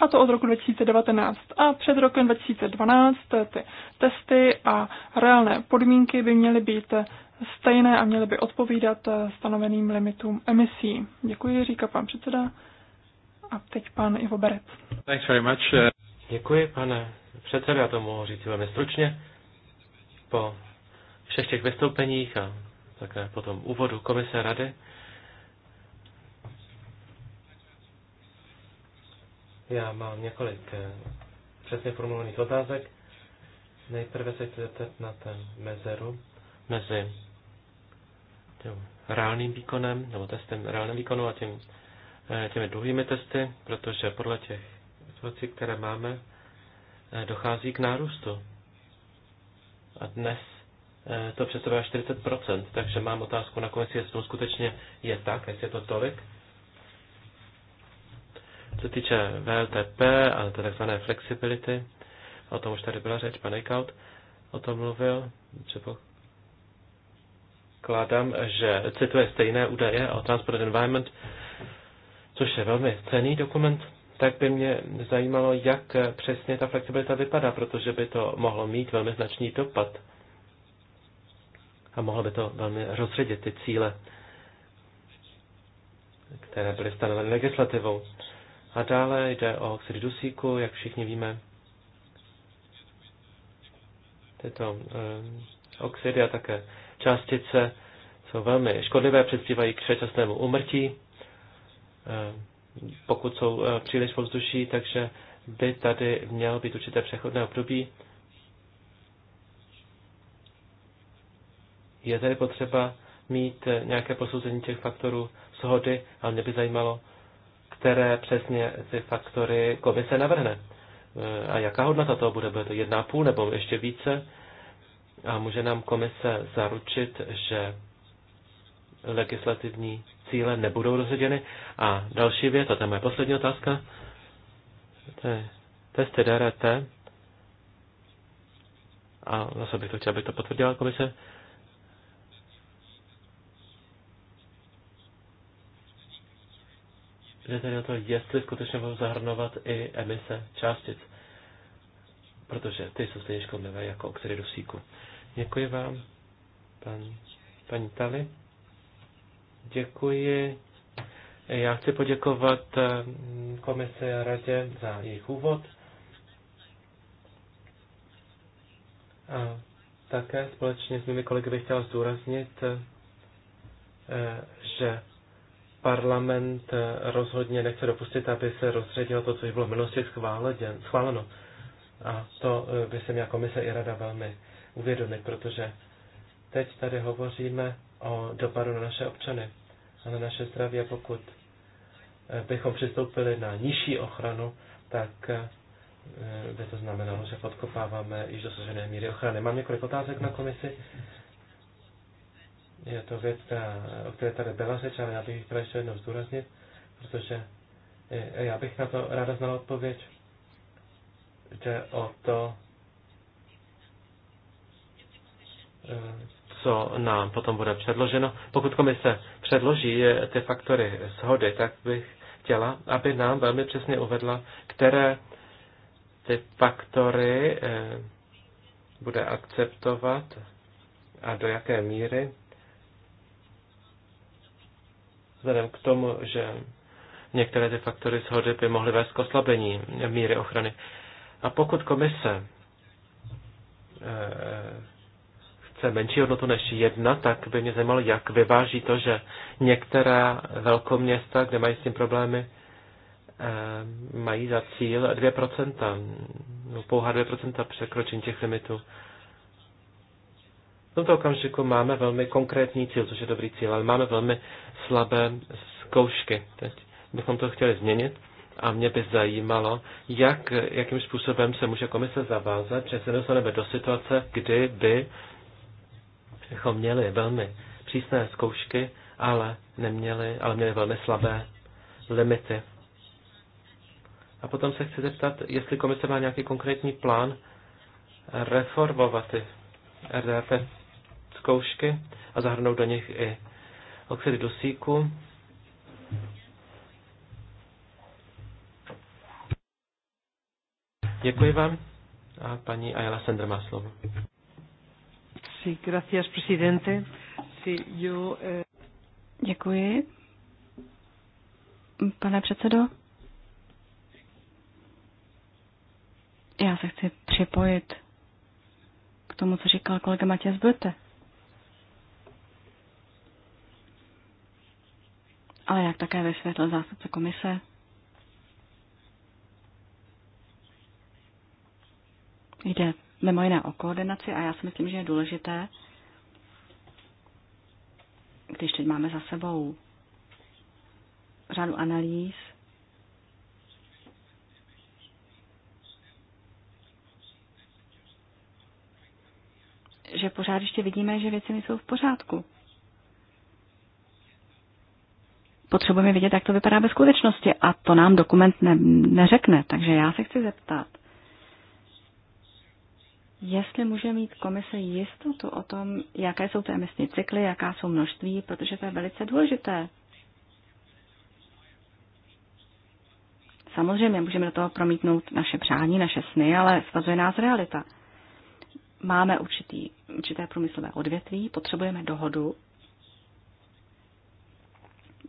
A to od roku 2019. A před rokem 2012 ty testy a reálné podmínky by měly být stejné a měly by odpovídat stanoveným limitům emisí. Děkuji, říká pan předseda. A teď pan Ivo Beret.
Thanks very much. Uh, Děkuji, pane předsedo, já to mohu říct velmi stručně. Po všech těch vystoupeních a také potom úvodu komise rady. Já mám několik eh, přesně formulovaných otázek. Nejprve se chci zeptat na ten mezeru mezi tím reálným výkonem, nebo testem reálného výkonu a tím, eh, těmi dlouhými testy, protože podle těch informací, které máme, eh, dochází k nárůstu. A dnes Eh, to představuje 40%, takže mám otázku na konci, jestli to skutečně je tak, jestli je to tolik. Co se týče VLTP a té tzv. flexibility, o tom už tady byla řeč, pan Eichhout o tom mluvil, Kládám, že cituje stejné údaje o Transport Environment, což je velmi cený dokument, tak by mě zajímalo, jak přesně ta flexibilita vypadá, protože by to mohlo mít velmi značný dopad a mohlo by to velmi rozředit ty cíle, které byly stanoveny legislativou. A dále jde o oxidy dusíku, jak všichni víme. Tyto eh, oxidy a také částice jsou velmi škodlivé, přispívají k předčasnému umrtí, eh, pokud jsou eh, příliš povzduší, takže by tady mělo být určité přechodné období, Je tedy potřeba mít eh, nějaké posouzení těch faktorů shody, ale mě by zajímalo, které přesně ty faktory komise navrhne. Eh, a jaká hodnota toho bude? Bude to jedna půl nebo ještě více? A může nám komise zaručit, že legislativní cíle nebudou dosaženy? A další věc, a to je moje poslední otázka, to je testy DRT. A zase bych to chtěl, aby to potvrdila komise. Jde tedy o to, jestli skutečně budou zahrnovat i emise částic, protože ty jsou stejně škodlivé jako oxidy dusíku. Děkuji vám, pan, paní Tali. Děkuji. Já chci poděkovat eh, komisi a radě za jejich úvod. A také společně s mými kolegy bych chtěl zdůraznit, eh, že parlament eh, rozhodně nechce dopustit, aby se rozředilo to, co bylo v minulosti schváleno. A to eh, by se měla komise i rada velmi uvědomit, protože teď tady hovoříme o dopadu na naše občany a na naše zdraví a pokud eh, bychom přistoupili na nižší ochranu, tak by to znamenalo, že podkopáváme již dosažené míry ochrany. Mám několik otázek na komisi. Je to věc, která, o které tady byla řeč, ale já bych chtěl ještě jednou zdůraznit, protože eh, já bych na to ráda znal odpověď. že o to, eh, co nám potom bude předloženo. Pokud komise předloží eh, ty faktory shody, tak bych chtěla, aby nám velmi přesně uvedla, které ty faktory bude akceptovat a do jaké míry vzhledem k tomu, že některé ty faktory shody by mohly vést k oslabení míry ochrany. A pokud komise eh, chce menší hodnotu než jedna, tak by mě zajímalo, jak vyváží to, že některá velkoměsta, kde mají s tím problémy, eh, mají za cíl 2%, no, pouhá 2% překročení těch limitů tomto okamžiku máme velmi konkrétní cíl, což je dobrý cíl, ale máme velmi slabé zkoušky. Teď bychom to chtěli změnit a mě by zajímalo, jak, jakým způsobem se může komise zavázat, že se dostaneme do situace, kdy by bychom měli velmi přísné zkoušky, ale neměli, ale měli velmi slabé limity. A potom se chci zeptat, jestli komise má nějaký konkrétní plán reformovat ty RDP zkoušky a zahrnout do nich i oxidy dusíku. Děkuji vám a paní Ayala Sender má slovo.
Sí, gracias, presidente. Sí, yo, eh... Děkuji. Pane předsedo, já se chci připojit k tomu, co říkal kolega Matěj Zbrte. Ale jak také vysvětlil zástupce komise, jde mimo jiné o koordinaci a já si myslím, že je důležité, když teď máme za sebou řadu analýz, že pořád ještě vidíme, že věci nejsou v pořádku. potřebujeme vidět, jak to vypadá ve skutečnosti a to nám dokument ne, neřekne. Takže já se chci zeptat, jestli může mít komise jistotu o tom, jaké jsou ty emisní cykly, jaká jsou množství, protože to je velice důležité. Samozřejmě můžeme do toho promítnout naše přání, naše sny, ale svazuje nás realita. Máme určitý, určité průmyslové odvětví, potřebujeme dohodu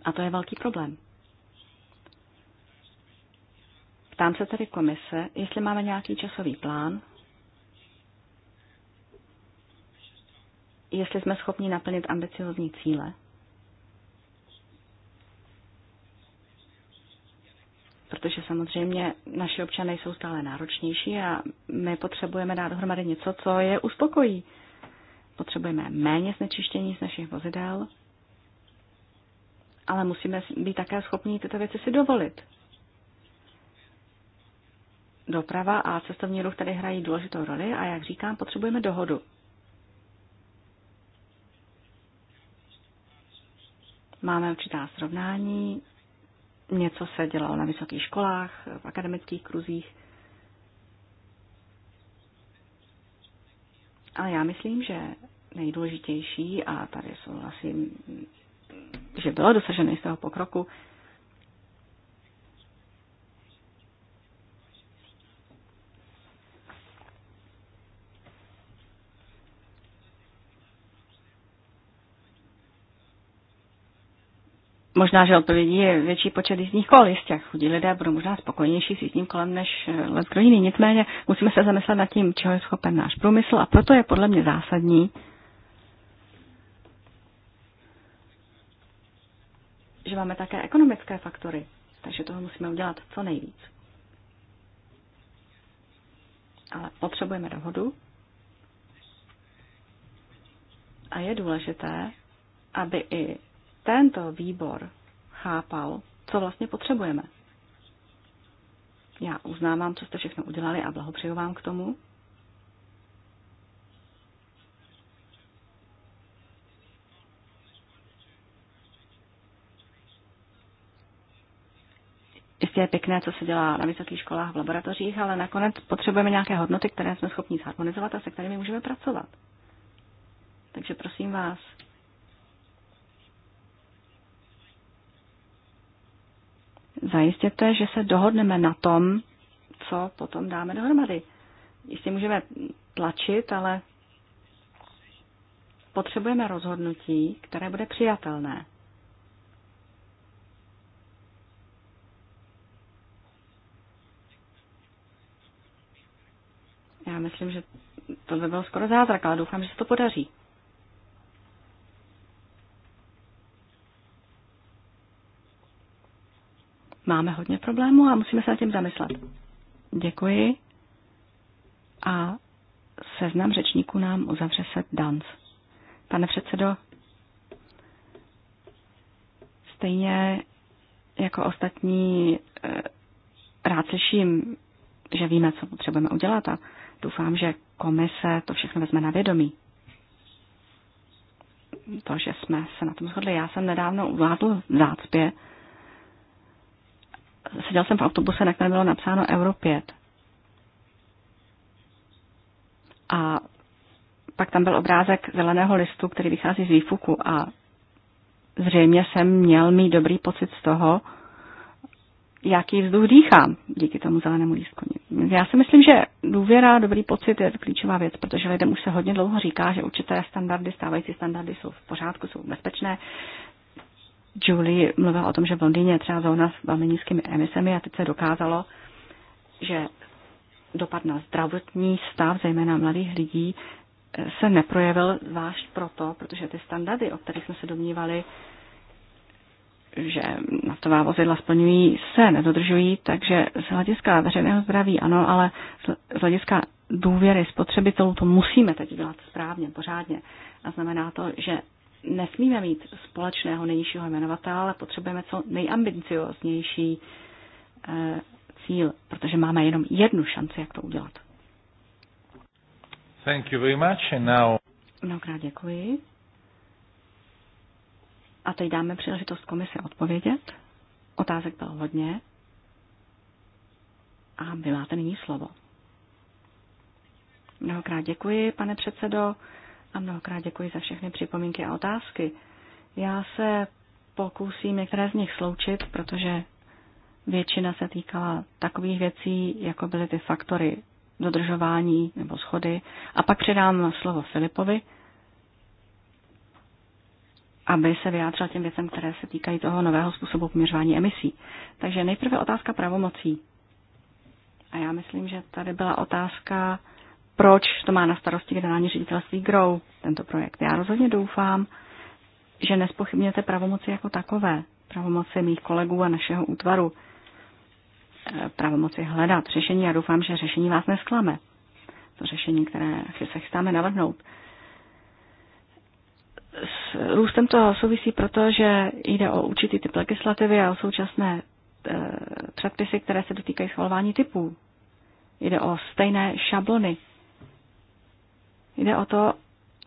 a to je velký problém. Ptám se tedy komise, jestli máme nějaký časový plán, jestli jsme schopni naplnit ambiciozní cíle. Protože samozřejmě naši občané jsou stále náročnější a my potřebujeme dát dohromady něco, co je uspokojí. Potřebujeme méně znečištění z našich vozidel, ale musíme být také schopni tyto věci si dovolit. Doprava a cestovní ruch tady hrají důležitou roli a jak říkám, potřebujeme dohodu. Máme určitá srovnání, něco se dělalo na vysokých školách, v akademických kruzích. Ale já myslím, že nejdůležitější, a tady souhlasím že bylo dosaženo jistého pokroku. Možná, že odpovědí je větší počet jízdních kol, jistě. Chudí lidé budou možná spokojenější s jízdním kolem než eh, let kdo jiný. Nicméně musíme se zamyslet nad tím, čeho je schopen náš průmysl a proto je podle mě zásadní, že máme také ekonomické faktory, takže toho musíme udělat co nejvíc. Ale potřebujeme dohodu a je důležité, aby i tento výbor chápal, co vlastně potřebujeme. Já uznávám, co jste všechno udělali a blahopřeju vám k tomu. je pěkné, co se dělá na vysokých školách, v laboratořích, ale nakonec potřebujeme nějaké hodnoty, které jsme schopni zharmonizovat a se kterými můžeme pracovat. Takže prosím vás, zajistěte, že se dohodneme na tom, co potom dáme dohromady. Jistě můžeme tlačit, ale potřebujeme rozhodnutí, které bude přijatelné. Já myslím, že to by bylo skoro zázrak, ale doufám, že se to podaří. Máme hodně problémů a musíme se nad tím zamyslet. Děkuji. A seznam řečníků nám uzavře se Danc. Pane předsedo, stejně jako ostatní eh, rád slyším, že víme, co potřebujeme udělat a Doufám, že komise to všechno vezme na vědomí. To, že jsme se na tom shodli. Já jsem nedávno uvládl v zácpě. Seděl jsem v autobuse, na kterém bylo napsáno Euro 5. A pak tam byl obrázek zeleného listu, který vychází z výfuku a zřejmě jsem měl mít dobrý pocit z toho, jaký vzduch dýchám díky tomu zelenému lístku. Já si myslím, že důvěra, dobrý pocit je klíčová věc, protože lidem už se hodně dlouho říká, že určité standardy, stávající standardy jsou v pořádku, jsou bezpečné. Julie mluvila o tom, že v Londýně je třeba zóna s velmi nízkými emisemi a teď se dokázalo, že dopad na zdravotní stav, zejména mladých lidí, se neprojevil zvlášť proto, protože ty standardy, o kterých jsme se domnívali, že naftová vozidla splňují se, nedodržují, takže z hlediska veřejného zdraví ano, ale z hlediska důvěry spotřebitelů to musíme teď dělat správně, pořádně. A znamená to, že nesmíme mít společného nejnižšího jmenovatele, ale potřebujeme co nejambicioznější eh, cíl, protože máme jenom jednu šanci, jak to udělat.
Thank you very much and now...
Mnohokrát děkuji. A teď dáme příležitost komise odpovědět. Otázek bylo hodně. A vy máte nyní slovo. Mnohokrát děkuji, pane předsedo, a mnohokrát děkuji za všechny připomínky a otázky. Já se pokusím některé z nich sloučit, protože většina se týkala takových věcí, jako byly ty faktory dodržování nebo schody. A pak předám slovo Filipovi, aby se vyjádřil těm věcem, které se týkají toho nového způsobu poměřování emisí. Takže nejprve otázka pravomocí. A já myslím, že tady byla otázka, proč to má na starosti generální ředitelství GROW, tento projekt. Já rozhodně doufám, že nespochybněte pravomoci jako takové, pravomoci mých kolegů a našeho útvaru, eh, pravomoci hledat řešení a doufám, že řešení vás nesklame. To řešení, které se chystáme navrhnout. S růstem to souvisí proto, že jde o určitý typ legislativy a o současné e, předpisy, které se dotýkají schvalování typů. Jde o stejné šablony. Jde o to,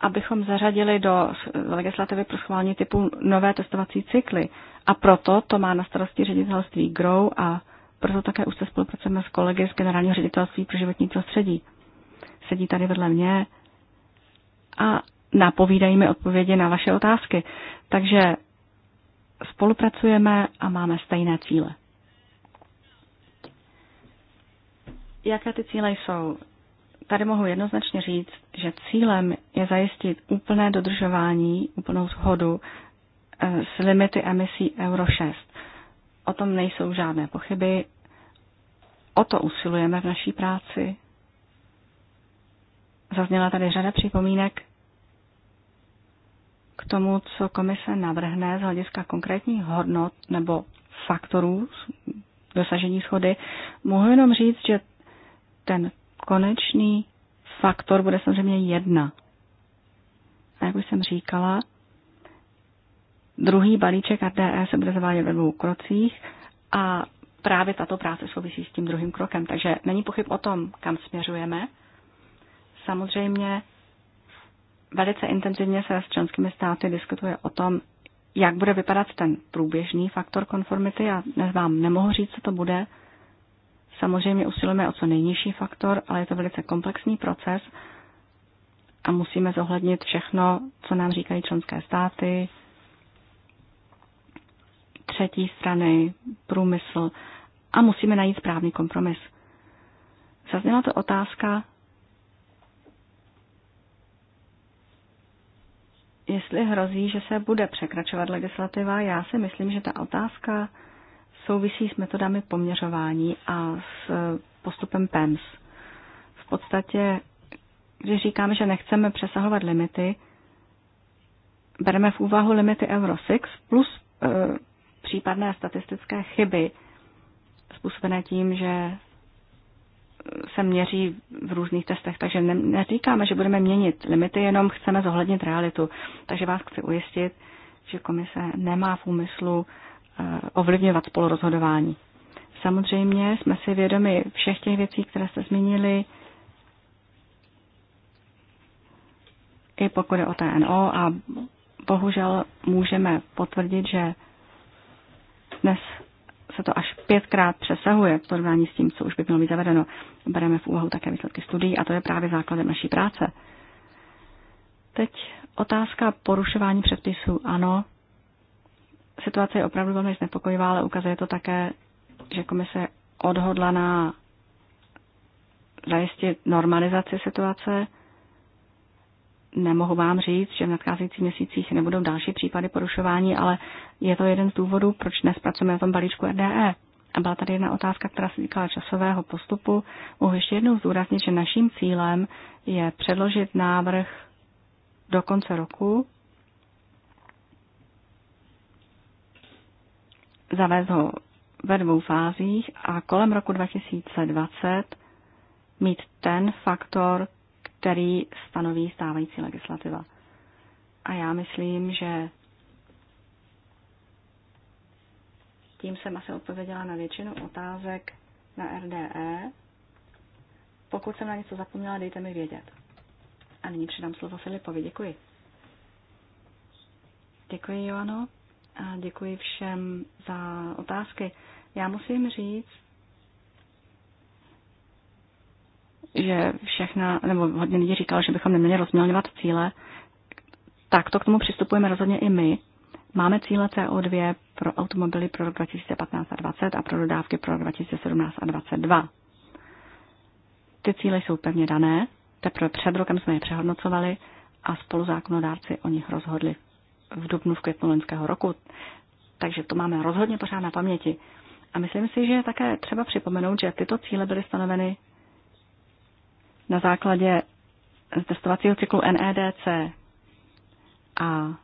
abychom zařadili do legislativy pro schválení typu nové testovací cykly. A proto to má na starosti ředitelství GROW a proto také už se spolupracujeme s kolegy z Generálního ředitelství pro životní prostředí. Sedí tady vedle mě a napovídají mi odpovědi na vaše otázky. Takže spolupracujeme a máme stejné cíle. Jaké ty cíle jsou? Tady mohu jednoznačně říct, že cílem je zajistit úplné dodržování, úplnou shodu eh, s limity emisí Euro 6. O tom nejsou žádné pochyby. O to usilujeme v naší práci. Zazněla tady řada připomínek k tomu, co komise navrhne z hlediska konkrétních hodnot nebo faktorů dosažení schody, mohu jenom říct, že ten konečný faktor bude samozřejmě jedna. A jak už jsem říkala, druhý balíček RDE se bude zavádět ve dvou krocích a právě tato práce souvisí s tím druhým krokem. Takže není pochyb o tom, kam směřujeme. Samozřejmě velice intenzivně se s členskými státy diskutuje o tom, jak bude vypadat ten průběžný faktor konformity. Já dnes vám nemohu říct, co to bude. Samozřejmě usilujeme o co nejnižší faktor, ale je to velice komplexní proces a musíme zohlednit všechno, co nám říkají členské státy, třetí strany, průmysl a musíme najít správný kompromis. Zazněla to otázka, jestli hrozí, že se bude překračovat legislativa, já si myslím, že ta otázka souvisí s metodami poměřování a s eh, postupem PEMS. V podstatě, když říkáme, že nechceme přesahovat limity, bereme v úvahu limity Euro 6 plus e, případné statistické chyby způsobené tím, že se měří v různých testech, takže neříkáme, že budeme měnit limity, jenom chceme zohlednit realitu. Takže vás chci ujistit, že komise nemá v úmyslu eh, ovlivňovat spolurozhodování. Samozřejmě jsme si vědomi všech těch věcí, které jste zmínili, i pokud je o TNO a bohužel můžeme potvrdit, že dnes se to až pětkrát přesahuje v porovnání s tím, co už by mělo být zavedeno. Bereme v úvahu také výsledky studií a to je právě základem naší práce. Teď otázka porušování předpisů. Ano, situace je opravdu velmi znepokojivá, ale ukazuje to také, že komise odhodlaná zajistit normalizaci situace nemohu vám říct, že v nadcházejících měsících nebudou další případy porušování, ale je to jeden z důvodů, proč dnes pracujeme na tom balíčku RDE. A byla tady jedna otázka, která se týkala časového postupu. Mohu ještě jednou zdůraznit, že naším cílem je předložit návrh do konce roku, zavést ho ve dvou fázích a kolem roku 2020 mít ten faktor, který stanoví stávající legislativa. A já myslím, že tím jsem asi odpověděla na většinu otázek na RDE. Pokud jsem na něco zapomněla, dejte mi vědět. A nyní předám slovo Filipovi. Děkuji. Děkuji, Joano. A děkuji všem za otázky. Já musím říct, že všechna, nebo hodně lidí říkal, že bychom neměli rozmělňovat cíle, tak to k tomu přistupujeme rozhodně i my. Máme cíle CO2 pro automobily pro rok 2015 a 20 a pro dodávky pro rok 2017 a 2022. Ty cíle jsou pevně dané, teprve před rokem jsme je přehodnocovali a spoluzákonodárci o nich rozhodli v dubnu, v květnu loňského roku. Takže to máme rozhodně pořád na paměti. A myslím si, že je také třeba připomenout, že tyto cíle byly stanoveny na základě testovacího cyklu NEDC a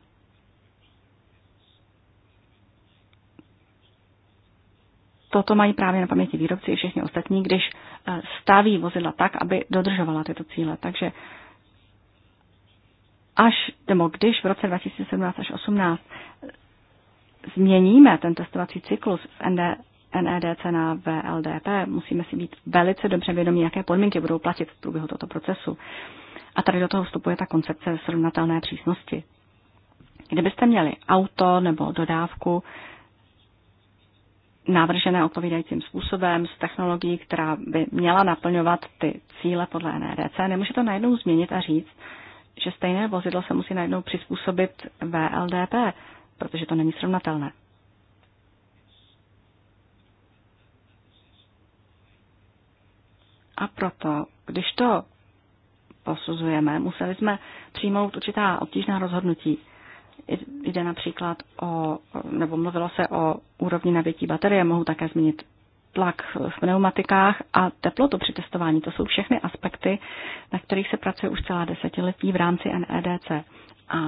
toto mají právě na paměti výrobci i všichni ostatní, když eh, staví vozidla tak, aby dodržovala tyto cíle. Takže až, nebo když v roce 2017 až 2018 eh, změníme ten testovací cyklus z ND, e NEDC na VLDP, musíme si být velice dobře vědomí, jaké podmínky budou platit v průběhu tohoto procesu. A tady do toho vstupuje ta koncepce srovnatelné přísnosti. Kdybyste měli auto nebo dodávku navržené odpovídajícím způsobem s technologií, která by měla naplňovat ty cíle podle NEDC, nemůže to najednou změnit a říct, že stejné vozidlo se musí najednou přizpůsobit VLDP, protože to není srovnatelné. A proto, když to posuzujeme, museli jsme přijmout určitá obtížná rozhodnutí. Jde například o, nebo mluvilo se o úrovni nabití baterie, mohu také zmínit tlak v pneumatikách a teplotu při testování. To jsou všechny aspekty, na kterých se pracuje už celá desetiletí v rámci NEDC. A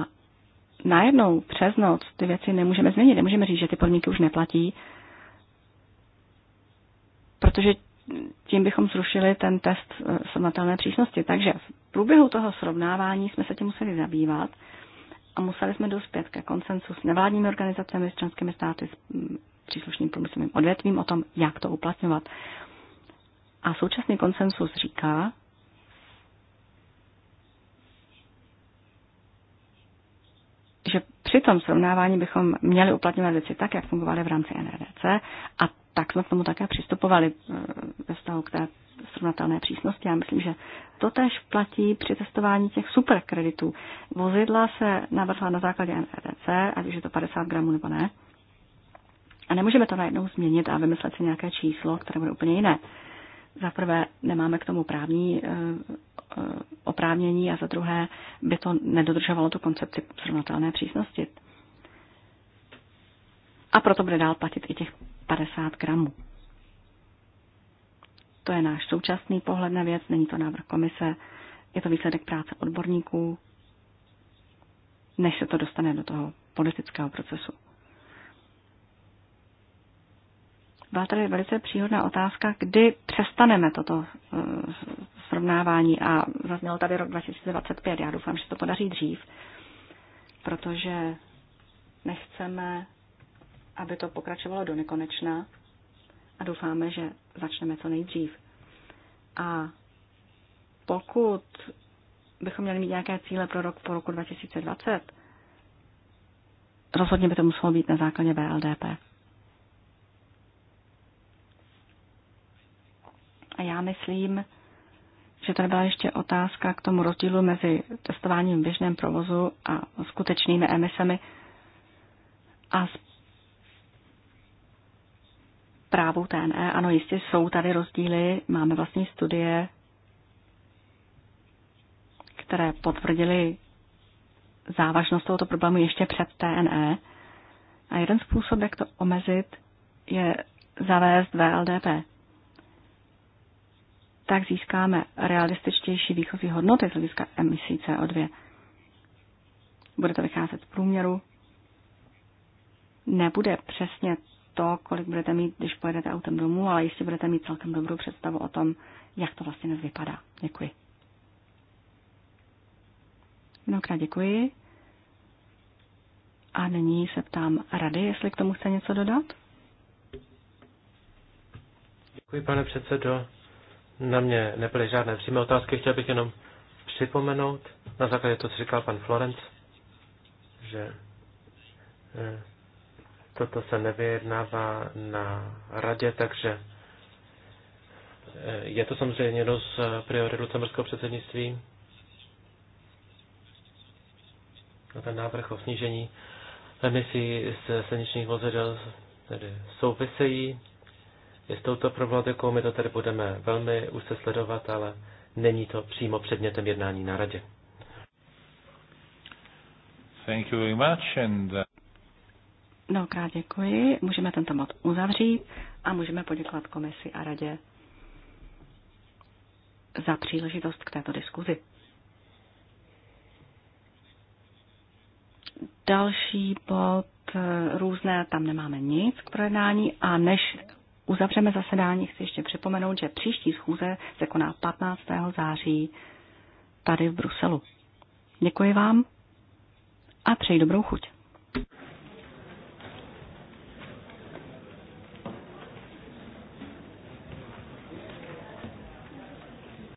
najednou přes noc ty věci nemůžeme změnit. Nemůžeme říct, že ty podmínky už neplatí, protože tím bychom zrušili ten test eh, srovnatelné přísnosti. Takže v průběhu toho srovnávání jsme se tím museli zabývat a museli jsme dospět ke koncensu s nevládními organizacemi, s členskými státy, s mm, příslušným průmyslovým odvětvím o tom, jak to uplatňovat. A současný konsensus říká, že při tom srovnávání bychom měli uplatňovat věci tak, jak fungovaly v rámci NRDC a tak jsme k tomu také přistupovali eh, ve vztahu k té srovnatelné přísnosti. Já myslím, že to tež platí při testování těch superkreditů. Vozidla se navrhla na základě NRC, e ať už je to 50 gramů nebo ne. A nemůžeme to najednou změnit a vymyslet si nějaké číslo, které bude úplně jiné. Za prvé nemáme k tomu právní eh, eh, oprávnění a za druhé by to nedodržovalo tu koncepci srovnatelné přísnosti. A proto bude dál platit i těch 50 gramů. To je náš současný pohled na věc, není to návrh komise, je to výsledek práce odborníků, než se to dostane do toho politického procesu. Byla tady velice příhodná otázka, kdy přestaneme toto eh, srovnávání a zaznělo tady rok 2025. Já doufám, že to podaří dřív, protože nechceme aby to pokračovalo do nekonečna a doufáme, že začneme co nejdřív. A pokud bychom měli mít nějaké cíle pro rok po roku 2020, rozhodně by to muselo být na základě BLDP. A já myslím, že tady byla ještě otázka k tomu rozdílu mezi testováním v běžném provozu a skutečnými emisemi. A zprávu TNE. Ano, jistě jsou tady rozdíly, máme vlastní studie, které potvrdily závažnost tohoto problému ještě před TNE. A jeden způsob, jak to omezit, je zavést VLDP. Tak získáme realističtější výchozí hodnoty z hlediska emisí CO2. Bude to vycházet z průměru. Nebude přesně to, kolik budete mít, když pojedete autem domů, ale jistě budete mít celkem dobrou představu o tom, jak to vlastně dnes vypadá. Děkuji. Mnohokrát děkuji. A nyní se ptám rady, jestli k tomu chce něco dodat.
Děkuji, pane předsedo. Na mě nebyly žádné přímé otázky. Chtěl bych jenom připomenout, na základě toho, co říkal pan Florenc, že eh, Toto se nevyjednává na radě, takže eh, je to samozřejmě jedno z eh, priorit lucemburského předsednictví. A ten návrh o snížení emisí z silničních vozidel tedy souvisejí je s touto problematikou. My to tady budeme velmi úzce sledovat, ale není to přímo předmětem jednání na radě. Thank you very much and, uh,
Mnohokrát děkuji. Můžeme tento bod uzavřít a můžeme poděkovat komisi a radě za příležitost k této diskuzi. Další bod různé, tam nemáme nic k projednání a než uzavřeme zasedání, chci ještě připomenout, že příští schůze se koná 15. září tady v Bruselu. Děkuji vám a přeji dobrou chuť.